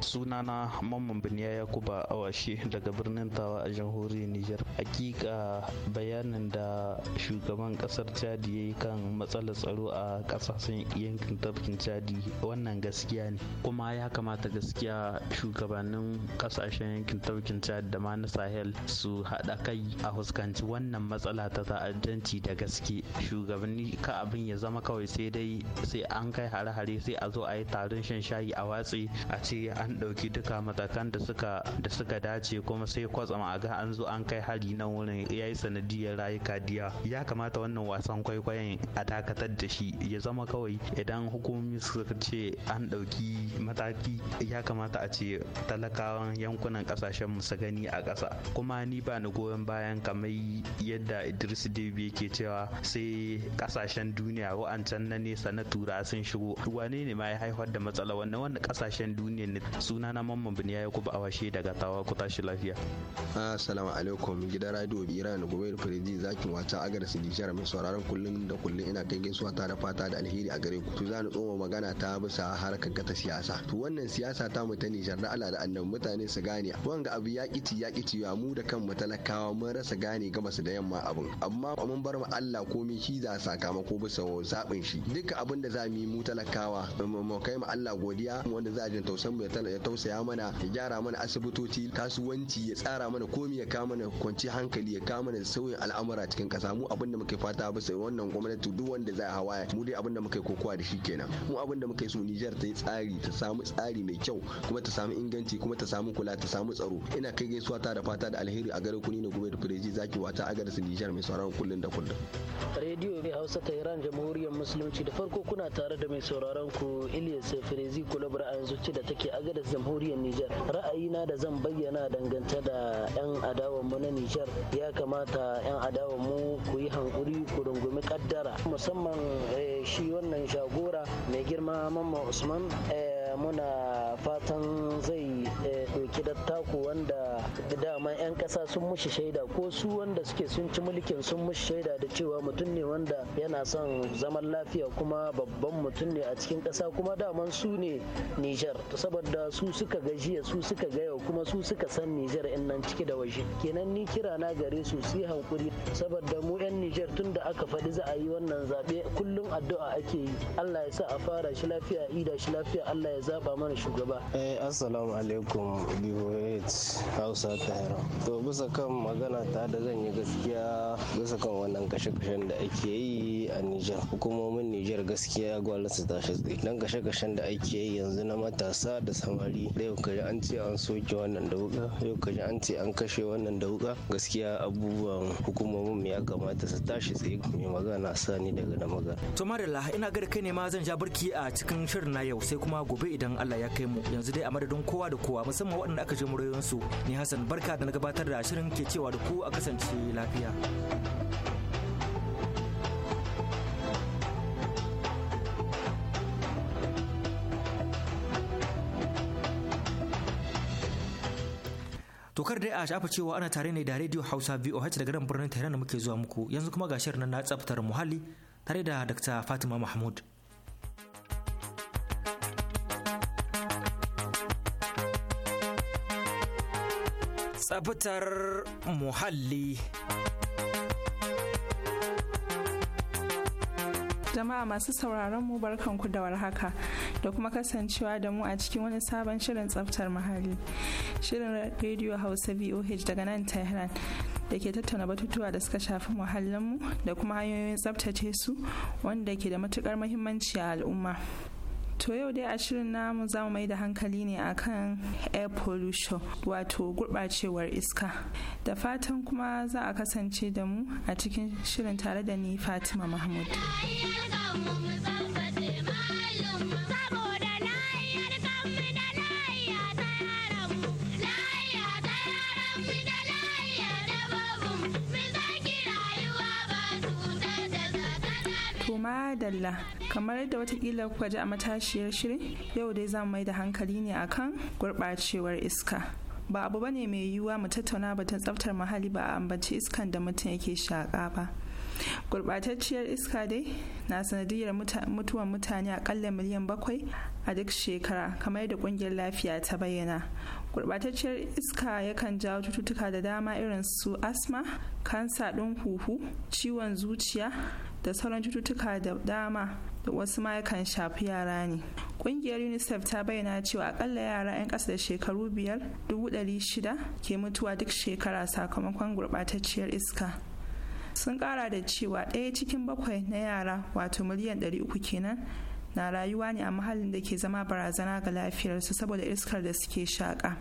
sunana mamman biniya yakuba awashe daga birnin tawa a jamhuriyar niger hakika bayanin da shugaban kasar chadi ya yi kan matsalar tsaro a kasashen yankin tafkin chadi wannan gaskiya ne kuma ya kamata gaskiya shugabannin kasashen yankin tafkin chadi da ma na sahel su haɗa kai a fuskanci wannan matsala ta ta'addanci da gaske shugabanni ka abin ya zama kawai sai dai sai an kai hare-hare sai a zo a yi taron shan shayi a watsi a ce an ɗauki duka matakan da suka suka dace kuma sai kwatsam a ga an zo an kai hari na wurin ya yi sanadiyar rayuka diya ya kamata wannan wasan kwaikwayon a dakatar da shi ya zama kawai idan hukumomi suka ce an ɗauki mataki ya kamata a ce talakawan yankunan ƙasashen mu su gani a ƙasa kuma ni ba ni goyon bayan kamar yadda idris debi yake cewa sai ƙasashen duniya wa'ancan na nesa na tura sun shigo wane ne ma ya haifar da matsala wannan wannan ƙasashen duniya ne suna na mamman biniya ya kuba awashe daga tawa ku tashi lafiya assalamu alaikum gidan radio na gobe da firiji zakin wata agar su ji mai sauraron kullum da kullum ina kai gaisuwa ta da fata da alheri a gare ku to za ni tsoma magana ta bisa harkar gata siyasa to wannan siyasa ta mu ta nijar da Allah da annabi mutane su gane wanga abu ya kici ya kici ya mu da kanmu talakawa mun rasa gane gabas da yamma abin amma mun bar mu Allah komai shi za sakamako bisa zaɓin shi duka abin da za mu yi mu talakawa mu kai mu Allah godiya wanda za a jin tausan mu ya mana ya tausaya mana ya gyara mana asibitoci kasuwanci ya tsara mana komi ya kama mana kwanci hankali ya kama mana sauyin al'amura cikin kasa mu abin da muke fata bisa wannan gwamnati duk wanda za a hawa mu dai abin da muke kokowa da shi kenan mu abin da muke so Nijar ta yi tsari ta samu tsari mai kyau kuma ta samu inganci kuma ta samu kula ta samu tsaro ina kai gaisuwa ta da fata da alheri a gare ku ni ne gobe da fureji zaki wata a garin Niger Nijar mai sauraron kullun da kullun rediyo ne Hausa ta Iran jamhuriyar musulunci da farko kuna tare da mai sauraron ku Ilyas Firezi Kulabra a yanzu ce da take a da jamhuriyar Nijar. Ra'ayina da zan bayyana dangance da 'yan adawan mu na Nijar ya kamata 'yan adawan mu ku yi hankuri ku rungumi kaddara musamman eh, shi wannan shagora mai girma Mamman Usman eh, muna fatan zai doki taku wanda dama 'yan kasa sun mushi shaida ko su wanda suke sun ci mulkin sun mushi shaida da cewa mutum ne wanda yana son zaman lafiya kuma babban mutum ne a cikin kasa kuma daman su ne Nijar saboda su suka ga jiya su suka ga yau kuma su suka san Nijar in nan ciki da waje kenan ni kira na gare su su hankuri saboda mu 'yan Nijar tun da aka faɗi za a yi wannan zaɓe kullum addu'a ake yi Allah ya sa a fara shi lafiya ida shi lafiya Allah ya zaba mana shugaba. Eh assalamu alaikum alaikum DOH Hausa Tahira. To bisa kan magana ta da zan yi gaskiya bisa kan wannan kashe-kashen da ake yi a Nijar. Hukumomin Nijar gaskiya gwalin su tashi tsaye. Dan kashe-kashen da ake yi yanzu na matasa da samari. Da yau kaji an ce an soke wannan da yau kaji an ce an kashe wannan da wuka. Gaskiya abubuwan hukumomin ya kamata su tashi tsaye mai magana sani daga da magana. To Marilla ina gari kai ne ma zan ja barki a cikin shirin na yau sai kuma gobe idan Allah ya kai mu. Yanzu dai a madadin kowa da kowa musamman waɗanda aka je murayensu ni Hassan barka da na gabatar da shirin ke cewa da ku a kasance lafiya. Tokar dai a shafa cewa ana tare ne da Radio Hausa VOH daga nan birnin Tehran da muke zuwa muku yanzu kuma ga shirin na tsaftar muhalli tare da Dr. Fatima Mahmud. tsabtar muhalli. jama'a masu sauraron mu barkanku da warhaka da kuma kasancewa da mu a cikin wani sabon shirin tsaftar muhalli shirin radio hausa voh daga nan tehran da ke tattauna batutuwa da suka shafi muhallinmu da kuma hanyoyin tsaftace su wanda ke da matukar muhimmanci a al'umma To yau dai a shirin namu za mu mai da hankali ne akan air pollution wato gurɓacewar iska. Da fatan kuma za a kasance da mu a cikin shirin tare da ni Fatima Mahmud. madalla kamar yadda watakila kuka ji a matashiyar shirin yau dai za mu mai da hankali ne akan gurɓacewar iska ba abu bane mai yiwuwa mu tattauna batun tsaftar muhalli ba a ambaci iskan da mutum yake shaƙa ba gurɓatacciyar iska dai na sanadiyar mutuwan mutane akalla miliyan bakwai a duk shekara kamar yadda ƙungiyar lafiya ta bayyana gurɓatacciyar iska yakan jawo cututtuka da dama irin su asma kansa ɗin huhu ciwon zuciya da sauran cututtuka da dama da wasu ma yakan shafi yara ne kungiyar unicef ta bayyana cewa akalla yara 'yan ƙasa da shekaru biyar dubu ɗari shida ke mutuwa duk shekara sakamakon gurbatacciyar iska sun ƙara da cewa ɗaya cikin bakwai na yara wato miliyan ɗari uku kenan na rayuwa ne a mahallin da ke zama barazana ga lafiyarsu saboda iskar da suke shaƙa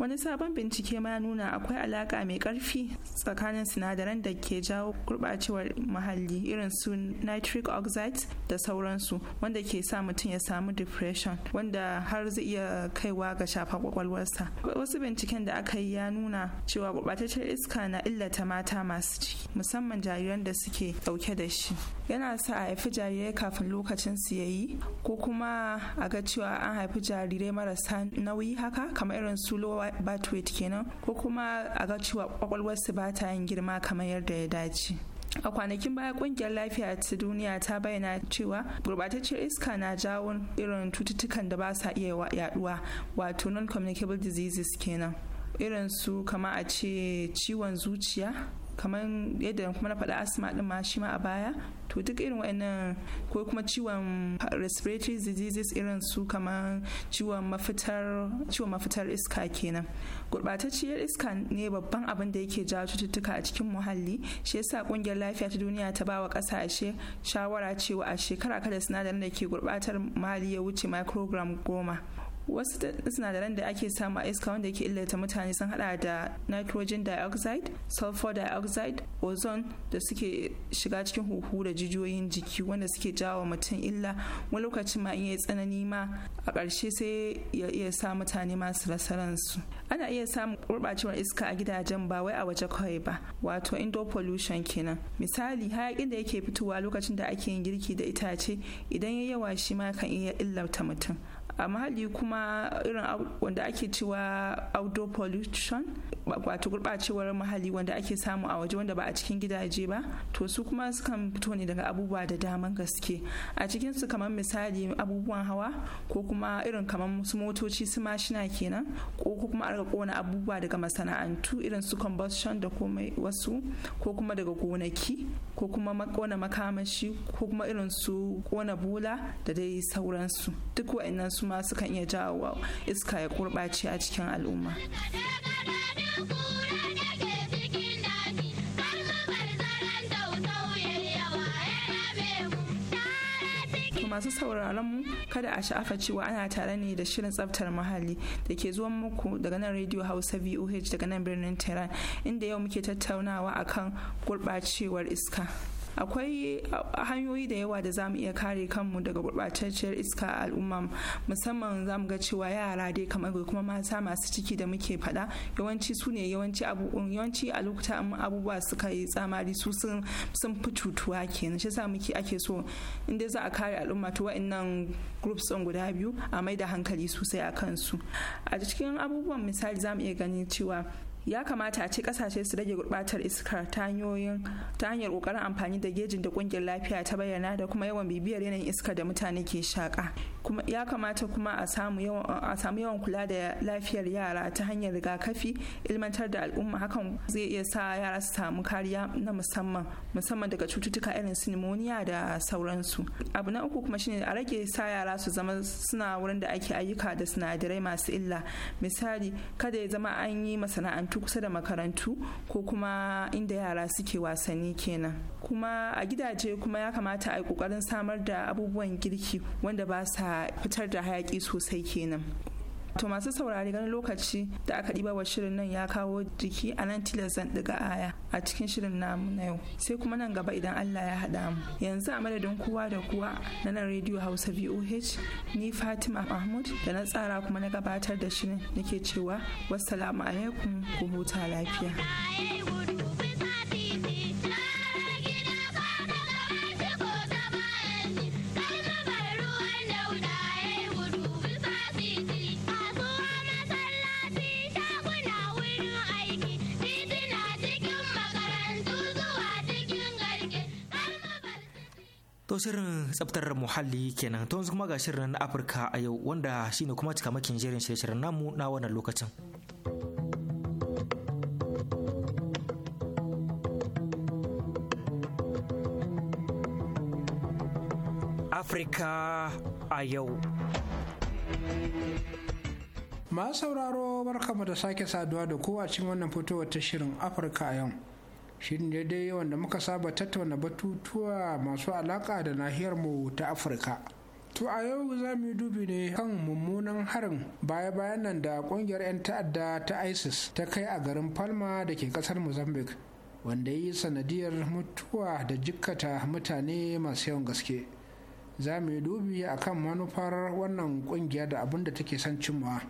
wani sabon bincike ma nuna akwai alaka mai karfi tsakanin sinadaran da ke jawo gurɓacewar muhalli irin su nitric oxide da sauransu wanda ke sa mutum ya samu depression wanda har zai iya kaiwa ga shafa kwakwalwarsa wasu binciken da aka yi ya nuna cewa gurbataccen iska na illata mata masu ciki musamman jariran da suke dauke da shi yana sa a haifi jarirai kafin lokacin su yi ko kuma a ga cewa an haifi jarirai marasa nauyi haka kamar irin su lowa birth kenan ko kuma a ga cewa kwakwalwarsu ba ta yin girma kamar yadda ya dace a kwanakin baya kungiyar lafiya ta duniya ta bayyana cewa gurbataccen iska na jawo irin cututtukan da ba sa iya yaduwa wato non-communicable diseases kenan irin su kama a ce ciwon zuciya kamar yadda kuma na faɗa asma din ma shi ma a baya to duk irin wa'annan ko kuma ciwon respiratory diseases irin su kamar ciwon mafitar ciwon mafitar iska kenan gurbatacciyar iska ne babban abin da yake jawo cututtuka a cikin muhalli shi yasa kungiyar lafiya ta duniya ta ba wa kasashe shawara cewa a shekara kada sinadarin da ke gurbatar muhalli ya wuce microgram goma wasu sinadaran da ake samu a iska wanda ke illata mutane sun hada da nitrogen dioxide sulfur dioxide ozone da suke shiga cikin huhu da jijiyoyin jiki wanda suke jawo mutum illa wani lokacin ma in yi tsanani ma a ƙarshe sai ya iya sa mutane masu rasaransu ana iya samun gurɓacewar iska a gidajen ba wai a waje kawai ba wato indoor pollution kenan misali hayakin da yake fitowa lokacin da ake yin girki da itace idan ya yawa shi ma kan iya illata mutum a mahalli kuma irin wanda ake cewa outdoor pollution wato gurɓacewar muhalli wanda ake samu a waje wanda ba a cikin gidaje ba to su kuma sukan fito ne daga abubuwa da daman gaske a cikin su kamar misali abubuwan hawa ko kuma irin kamar su motoci su mashina kenan ko kuma a kona abubuwa daga masana'antu irin su combustion da komai wasu ko kuma daga gonaki ko kuma kona makamashi ko kuma irin su kona bola da dai sauransu duk wa'annan su ma sukan iya jawo iska ya gurɓace a cikin al'umma. masu sauraron mu kada a sha'afa cewa ana tare ne da shirin tsaftar muhalli da ke zuwan muku daga nan radio hausa voh daga nan birnin tehran inda yau muke tattaunawa akan gurɓacewar iska. akwai hanyoyi da yawa da zamu iya kare kanmu daga gurɓatacciyar iska a al'umma musamman zamu ga cewa yara dai kamar kuma mata masu ciki da muke faɗa yawanci su ne yawanci yawanci a lokuta abubuwa suka yi tsamari su sun fi cutuwa kenan shi yasa muke ake so in dai za a kare al'umma to wa'annan groups ɗin guda biyu a mai da hankali sosai a kansu a cikin abubuwan misali zamu iya ganin cewa ya kamata a ce kasashe su rage gurbatar iska ta hanyoyin ta hanyar kokarin amfani da gejin da kungiyar lafiya ta bayyana da kuma yawan bibiyar yanayin iska da mutane ke shaka kuma ya kamata kuma a samu yawan a samu yawan kula da lafiyar yara ta hanyar rigakafi ilmantar da al'umma hakan zai iya sa yara su samu kariya na musamman musamman daga cututtuka irin su pneumonia da sauransu abu na uku kuma shine a rage sa yara su zama suna wurin da ake ayyuka da sinadarai masu illa misali kada ya zama an yi masana'antu kusa da makarantu ko kuma inda yara suke wasanni kenan kuma a gidaje kuma ya kamata a yi kokarin samar da abubuwan girki wanda ba sa fitar da hayaki sosai kenan To masu saurari ganin lokaci da aka ɗiba wa shirin nan ya kawo jiki a nan tilas ɗiga aya a cikin shirin namu na yau sai kuma nan gaba idan Allah ya haɗa mu. Yanzu a madadin kowa da kowa na nan rediyo Hausa VOH ni Fatima Mahmud da na tsara kuma na gabatar da shirin nake cewa wassalamu alaikum ku huta lafiya. To shirin tsaftar muhalli kenan to yanzu kuma ga shirin na Afirka a yau wanda shine kuma cika makin jerin shirye-shiryen namu na wannan lokacin. Afirka a yau. Ma sauraro barkamu da sake saduwa da kowa cikin wannan fitowar ta shirin Afirka a yau. shin dai wanda muka saba tattauna batutuwa masu alaka da nahiyar mu ta afirka to a yau za mu yi dubi ne kan mummunan harin baya-bayan nan da kungiyar 'yan ta'adda ta isis ta kai a garin palma da ke kasar mozambique wanda yi sanadiyar mutuwa da jikkata mutane masu yawan gaske za mu yi dubi a kan manufar wannan kungiya da abin da take son cimma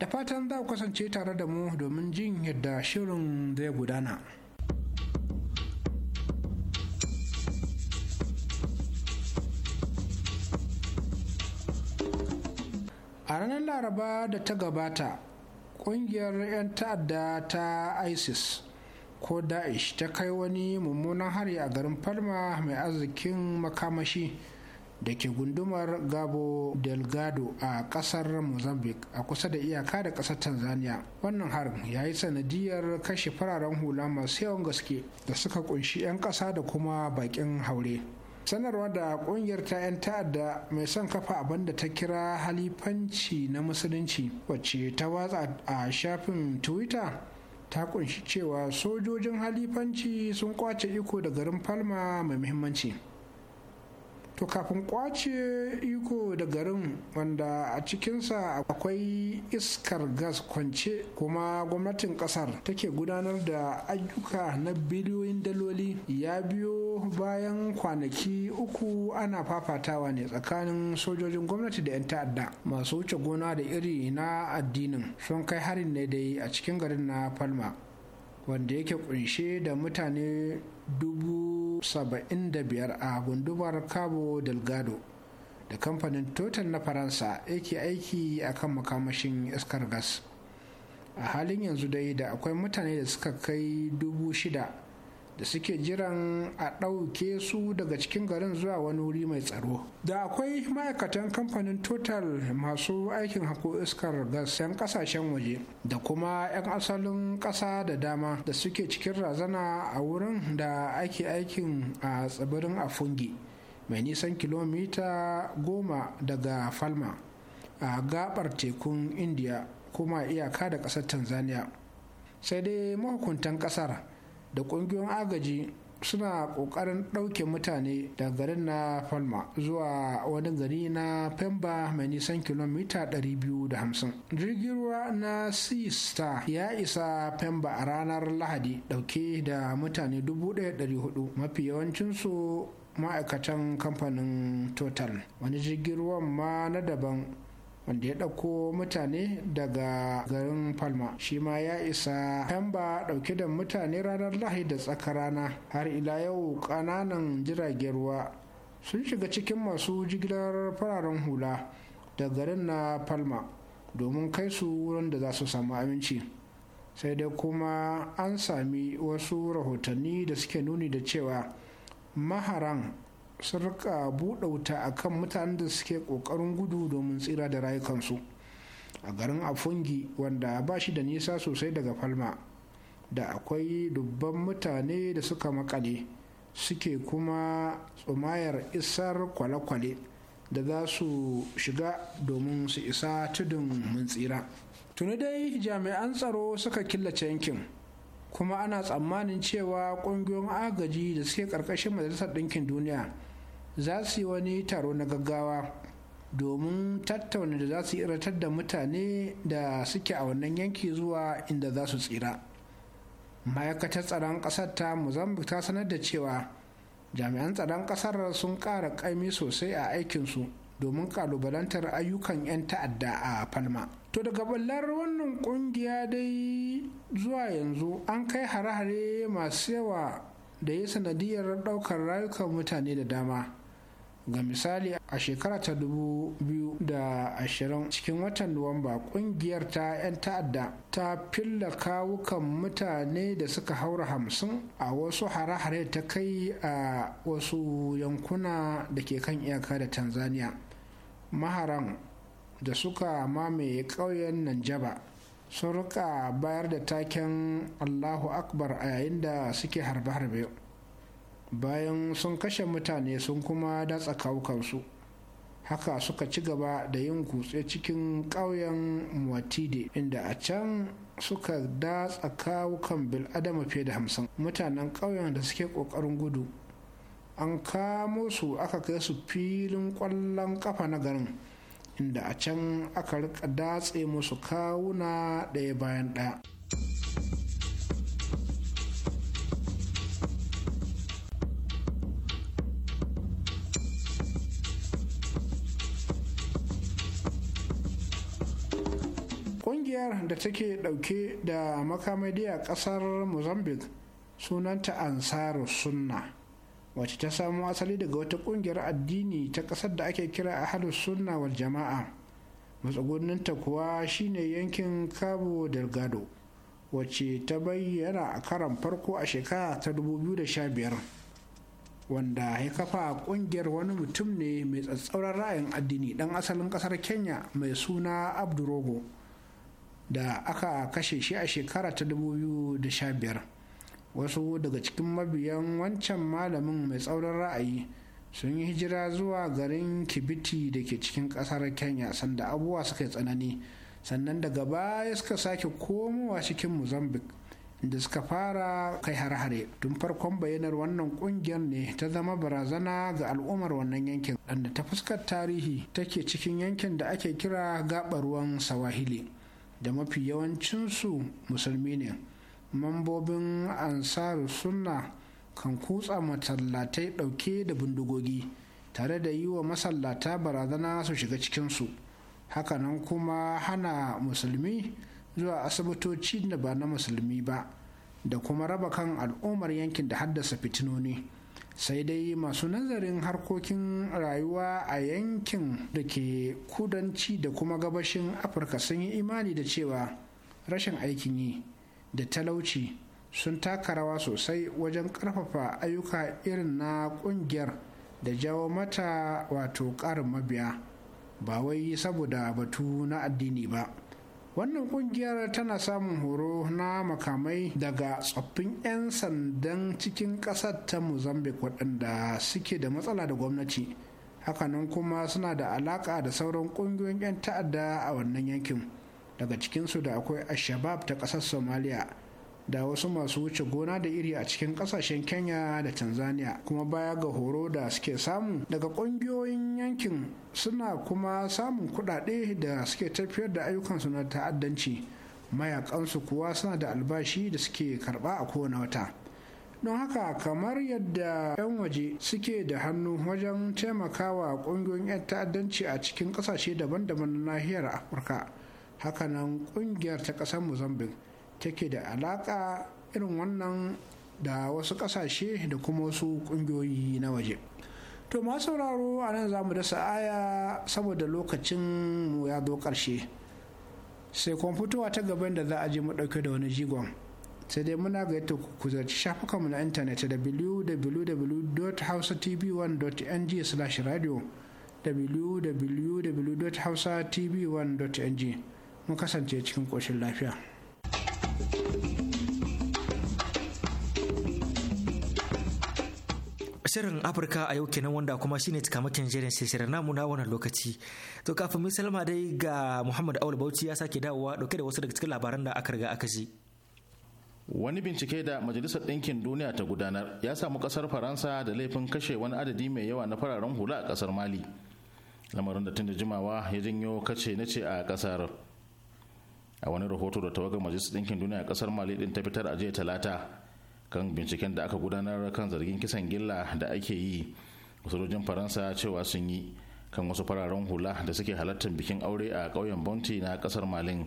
da fatan za ku kasance tare da mu domin jin yadda shirin zai gudana. a ranar laraba da ta gabata kungiyar 'yan ta'adda ta isis ko daesh ta kai wani mummunan hari a garin falma mai arzikin makamashi da ke gundumar Gabo Delgado a kasar Mozambique a kusa da iyaka da kasar Tanzania. Wannan harin ya yi sanadiyar kashe fararen hula masu yawan gaske da suka kunshi 'yan ƙasa da kuma baƙin haure. sanarwa da kungiyar ta 'yan ta'adda mai son kafa abin da ta kira halifanci na musulunci wacce ta watsa a shafin twitter ta kunshi cewa sojojin halifanci sun kwace iko da garin palma mai muhimmanci. to kafin kwace iko da garin wanda a cikinsa akwai iskar gas kwance kuma gwamnatin kasar take gudanar da ayyuka na biliyoyin daloli ya biyo bayan kwanaki uku ana fafatawa ne tsakanin sojojin gwamnati da 'yan ta'adda masu wuce gona da iri na addinin sun kai harin ne dai a cikin garin na palma wanda yake kunshe da mutane 75,000 a gundumar cabo delgado da kamfanin total na faransa yake aiki a kan makamashin iskar gas a halin yanzu dai da akwai mutane da suka kai dubu shida da suke jiran a ɗauke su daga cikin garin zuwa wani wuri mai tsaro da akwai ma'aikatan kamfanin total masu aikin hako iskar gas 'yan kasashen waje da kuma 'yan asalin ƙasa da dama da suke cikin razana a wurin da ake aikin a tsibirin afungi mai nisan kilomita goma daga falma a gabar tekun india kuma iyaka da ƙasar tanzania sai dai mahukuntan ƙasar da ƙungiyoyin agaji suna ƙoƙarin ɗauke mutane daga garin na palma zuwa wani gari na pemba mai nisan kilomita 250 jirgin ruwa na sea star ya isa pemba a ranar lahadi ɗauke da mutane 1,400 mafi yawancinsu ma'aikatan kamfanin total wani jirgin ruwan ma na daban wanda ya ɗauko mutane daga garin palma shi ma ya isa tamba ɗauke da mutane ranar lahi da tsaka rana har ila yau ƙananan jiragen ruwa sun shiga cikin masu jigilar fararen hula da garin na palma domin kai su wurin da za su samu aminci sai dai kuma an sami wasu rahotanni da suke nuni da cewa maharan sun rika buɗe wuta a kan mutanen da suke ƙoƙarin gudu domin tsira da rayukansu a garin afungi wanda ba shi da nisa sosai daga falma da akwai dubban mutane da suka makale suke kuma tsumayar isar kwale-kwale da za su shiga domin su isa tudun mun tsira tuni dai jami'an tsaro suka killace yankin kuma ana tsammanin cewa ƙungiyoyin agaji da suke ƙarƙashin majalisar ɗinkin duniya za su yi wani taro na gaggawa domin tattauna da za su iratar da mutane da suke a wannan yanki zuwa inda za su tsira ma'aikatar tsaron ƙasar ta mozambique ta sanar da cewa jami'an tsaron ƙasar sun ƙara ƙaimi sosai a aikinsu domin ƙalubalantar ayyukan 'yan ta'adda a palma to daga ballar wannan kungiya dai zuwa yanzu an kai hare-hare masu yawa da ya sanadiyar daukar rayukan mutane da dama ga misali a shekara ta 2020 cikin watan nuwamba kungiyar ta 'yan ta'adda ta filla kawukan mutane da suka haura hamsin a wasu hare-hare ta kai a wasu yankuna da ke kan iyaka da tanzania maharan da suka mamaye ƙauyen nanjaba sun rika bayar da taken allahu akbar a yayin da suke harbe-harbe bayan sun kashe mutane sun kuma datsa kawukansu haka suka ci gaba da yin kutse cikin ƙauyen muwatide inda a can suka datsa kawukan bil'adama fiye da hamsin mutanen ƙauyen da suke ƙoƙarin gudu an kamo su aka kai su filin ƙwallon ƙafa na garin inda a can aka rika datse musu kawuna ɗaya bayan ɗaya ƙungiyar da take ɗauke da makamadi a ƙasar mozambique sunanta ansaru sunna wacce ta samo asali daga wata kungiyar addini ta kasar da ake kira ahalus sunna wal jama'a ta kuwa shine yankin cabo delgado wacce ta bayyana a karan farko a shekara ta 2015 wanda ya kafa kungiyar wani mutum ne mai tsatsauran ra'ayin addini dan asalin kasar kenya mai suna abdurogo da aka kashe shi a shekara ta 2015 wasu daga cikin mabiyan wancan malamin mai tsaurin ra'ayi sun yi hijira zuwa garin kibiti da ke cikin kasar kenya sanda abubuwa suka yi tsanani sannan daga baya suka sake komowa cikin mozambique da suka fara kai har-hare tun farkon bayyanar wannan kungiyar ne ta zama barazana ga al'ummar wannan yankin wanda ta fuskar tarihi take cikin yankin da ake kira gaɓar ruwan sawahili da mafi yawancinsu musulmi ne mambobin ansar sunna kan kutsa masallatai ɗauke da bindigogi tare da yi wa masallata barazana su shiga cikinsu hakanan kuma hana musulmi zuwa asibitoci da ba na musulmi ba da kuma raba kan al'ummar yankin da haddasa fitinoni sai dai masu nazarin harkokin rayuwa a yankin da ke kudanci da kuma gabashin afirka sun yi imani da cewa rashin aikin yi da talauci sun taka rawa sosai wajen ƙarfafa ayyuka irin na ƙungiyar da jawo mata wato ƙarin mabiya ba wai saboda batu na addini ba wannan kungiyar tana samun horo na makamai daga tsoffin 'yan sandan cikin ƙasar ta mozambique waɗanda suke da matsala da gwamnati hakanan kuma suna da alaƙa da sauran ƙungiyoyin 'yan ta'adda a wannan yankin daga cikinsu da akwai ashabab ta ƙasar somaliya da wasu masu wuce gona da iri a cikin ƙasashen kenya da tanzania kuma baya ga horo da suke samu daga ƙungiyoyin yankin suna kuma samun kuɗaɗe da suke tafiyar da ayyukansu na ta'addanci mayakansu kuwa suna da albashi da suke karɓa a kowane wata don haka kamar yadda 'yan waje suke da hannu wajen taimakawa ƙungiyoyin 'yan ta'addanci a cikin ƙasashe daban-daban na nahiyar afirka hakanan kungiyar ta kasar mozambique take da alaka irin wannan da wasu kasashe da kuma wasu kungiyoyi na waje to ma sauraro a nan za mu dasa aya saboda lokacin mu ya zo karshe sai kuma fitowa ta gaban da za a je mu ɗauke da wani jigon sai dai muna ga yadda ku zarci shafukanmu na intanet www.hausatv1.ng/radio www.hausatv1.ng mu kasance cikin ƙoshin lafiya shirin afirka a yau kenan wanda kuma shine tukamakin jerin shirin namu na wannan lokaci to kafin mu salma dai ga muhammad awul bauchi ya sake dawowa dauke da wasu daga cikin labaran da aka riga aka ji wani bincike da majalisar ɗinkin duniya ta gudanar ya samu ƙasar faransa da laifin kashe wani adadi mai yawa na fararen hula a ƙasar mali lamarin da tun da jimawa ya janyo kace na ce a ƙasar a wani rahoto da tawagar majalisar ɗinkin duniya a ƙasar mali ɗin ta fitar a jiya talata kan binciken da aka gudanar kan zargin kisan gilla da ake yi sojojin faransa cewa sun yi kan wasu fararen hula da suke halartar bikin aure a ƙauyen bonti na ƙasar malin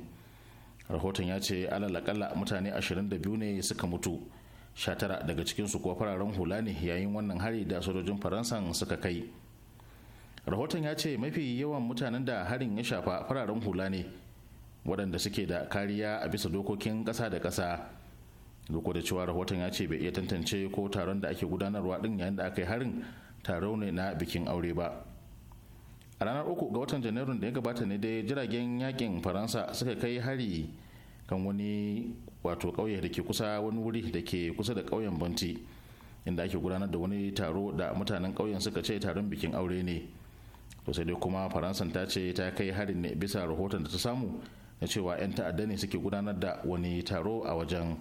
rahoton ya ce alalakalla mutane 22 ne suka mutu 19 daga cikinsu kuwa fararen hula ne yayin wannan hari da sojojin faransan suka kai rahoton ya ce mafi yawan mutanen da harin ya shafa fararen hula ne waɗanda suke da kariya a bisa dokokin ƙasa da ƙasa duk da cewa rahoton ya ce bai iya tantance ko taron da ake gudanarwa ɗin yayin da aka yi harin taro ne na bikin aure ba a ranar uku ga watan janairun da ya gabata ne dai jiragen yakin faransa suka kai hari kan wani wato ƙauye da ke kusa wani wuri da ke kusa da ƙauyen banti inda ake gudanar da wani taro da mutanen ƙauyen suka ce taron bikin aure ne to sai dai kuma faransan ta ce ta kai harin ne bisa rahoton da ta samu da cewa 'yan ta'adda ne suke gudanar da wani taro a wajen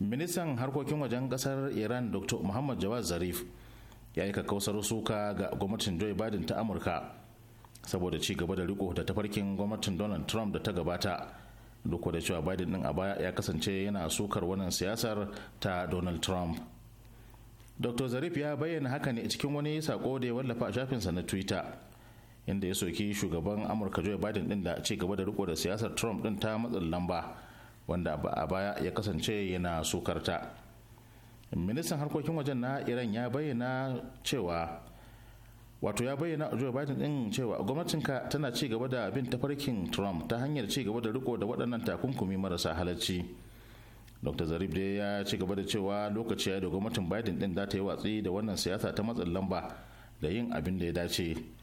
ministan harkokin wajen kasar iran dr muhammad jawad zarif ya yi kakkausar suka ga gwamnatin joe biden ta amurka saboda ci gaba da riko da tafarkin gwamnatin donald trump da ta gabata duk da cewa biden din a baya ya kasance yana sukar wannan siyasar ta donald trump dr zarif ya bayyana haka ne cikin wani sako da ya wallafa a shafinsa na twitter inda ya soki shugaban amurka joe biden din da ci gaba da riko da siyasar trump din ta matsin lamba wanda a baya ya kasance yana sukarta ministan harkokin wajen na iran ya bayyana cewa wato ya bayyana joe biden din cewa gwamnatinka tana ci gaba da bin tafarkin trump ta hanyar ci gaba da riko da waɗannan takunkumi marasa halarci dr zarif dai ya ci gaba da cewa lokaci ya da gwamnatin biden din za ta yi watsi da wannan siyasa ta matsin lamba da yin abin da ya dace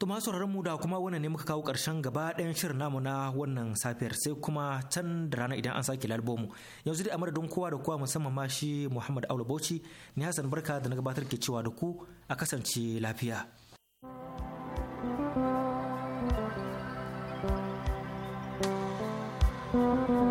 To sauraron mu da kuma wannan ne muka kawo ƙarshen gaba ɗayan shirin namu na wannan safiyar sai kuma can da rana idan an sake mu. Yanzu dai a madadin kowa da kowa musamman ma shi Muhammad aulu Bauchi ni Hassan Barka da na gabatar ke cewa da ku a kasance lafiya. thank you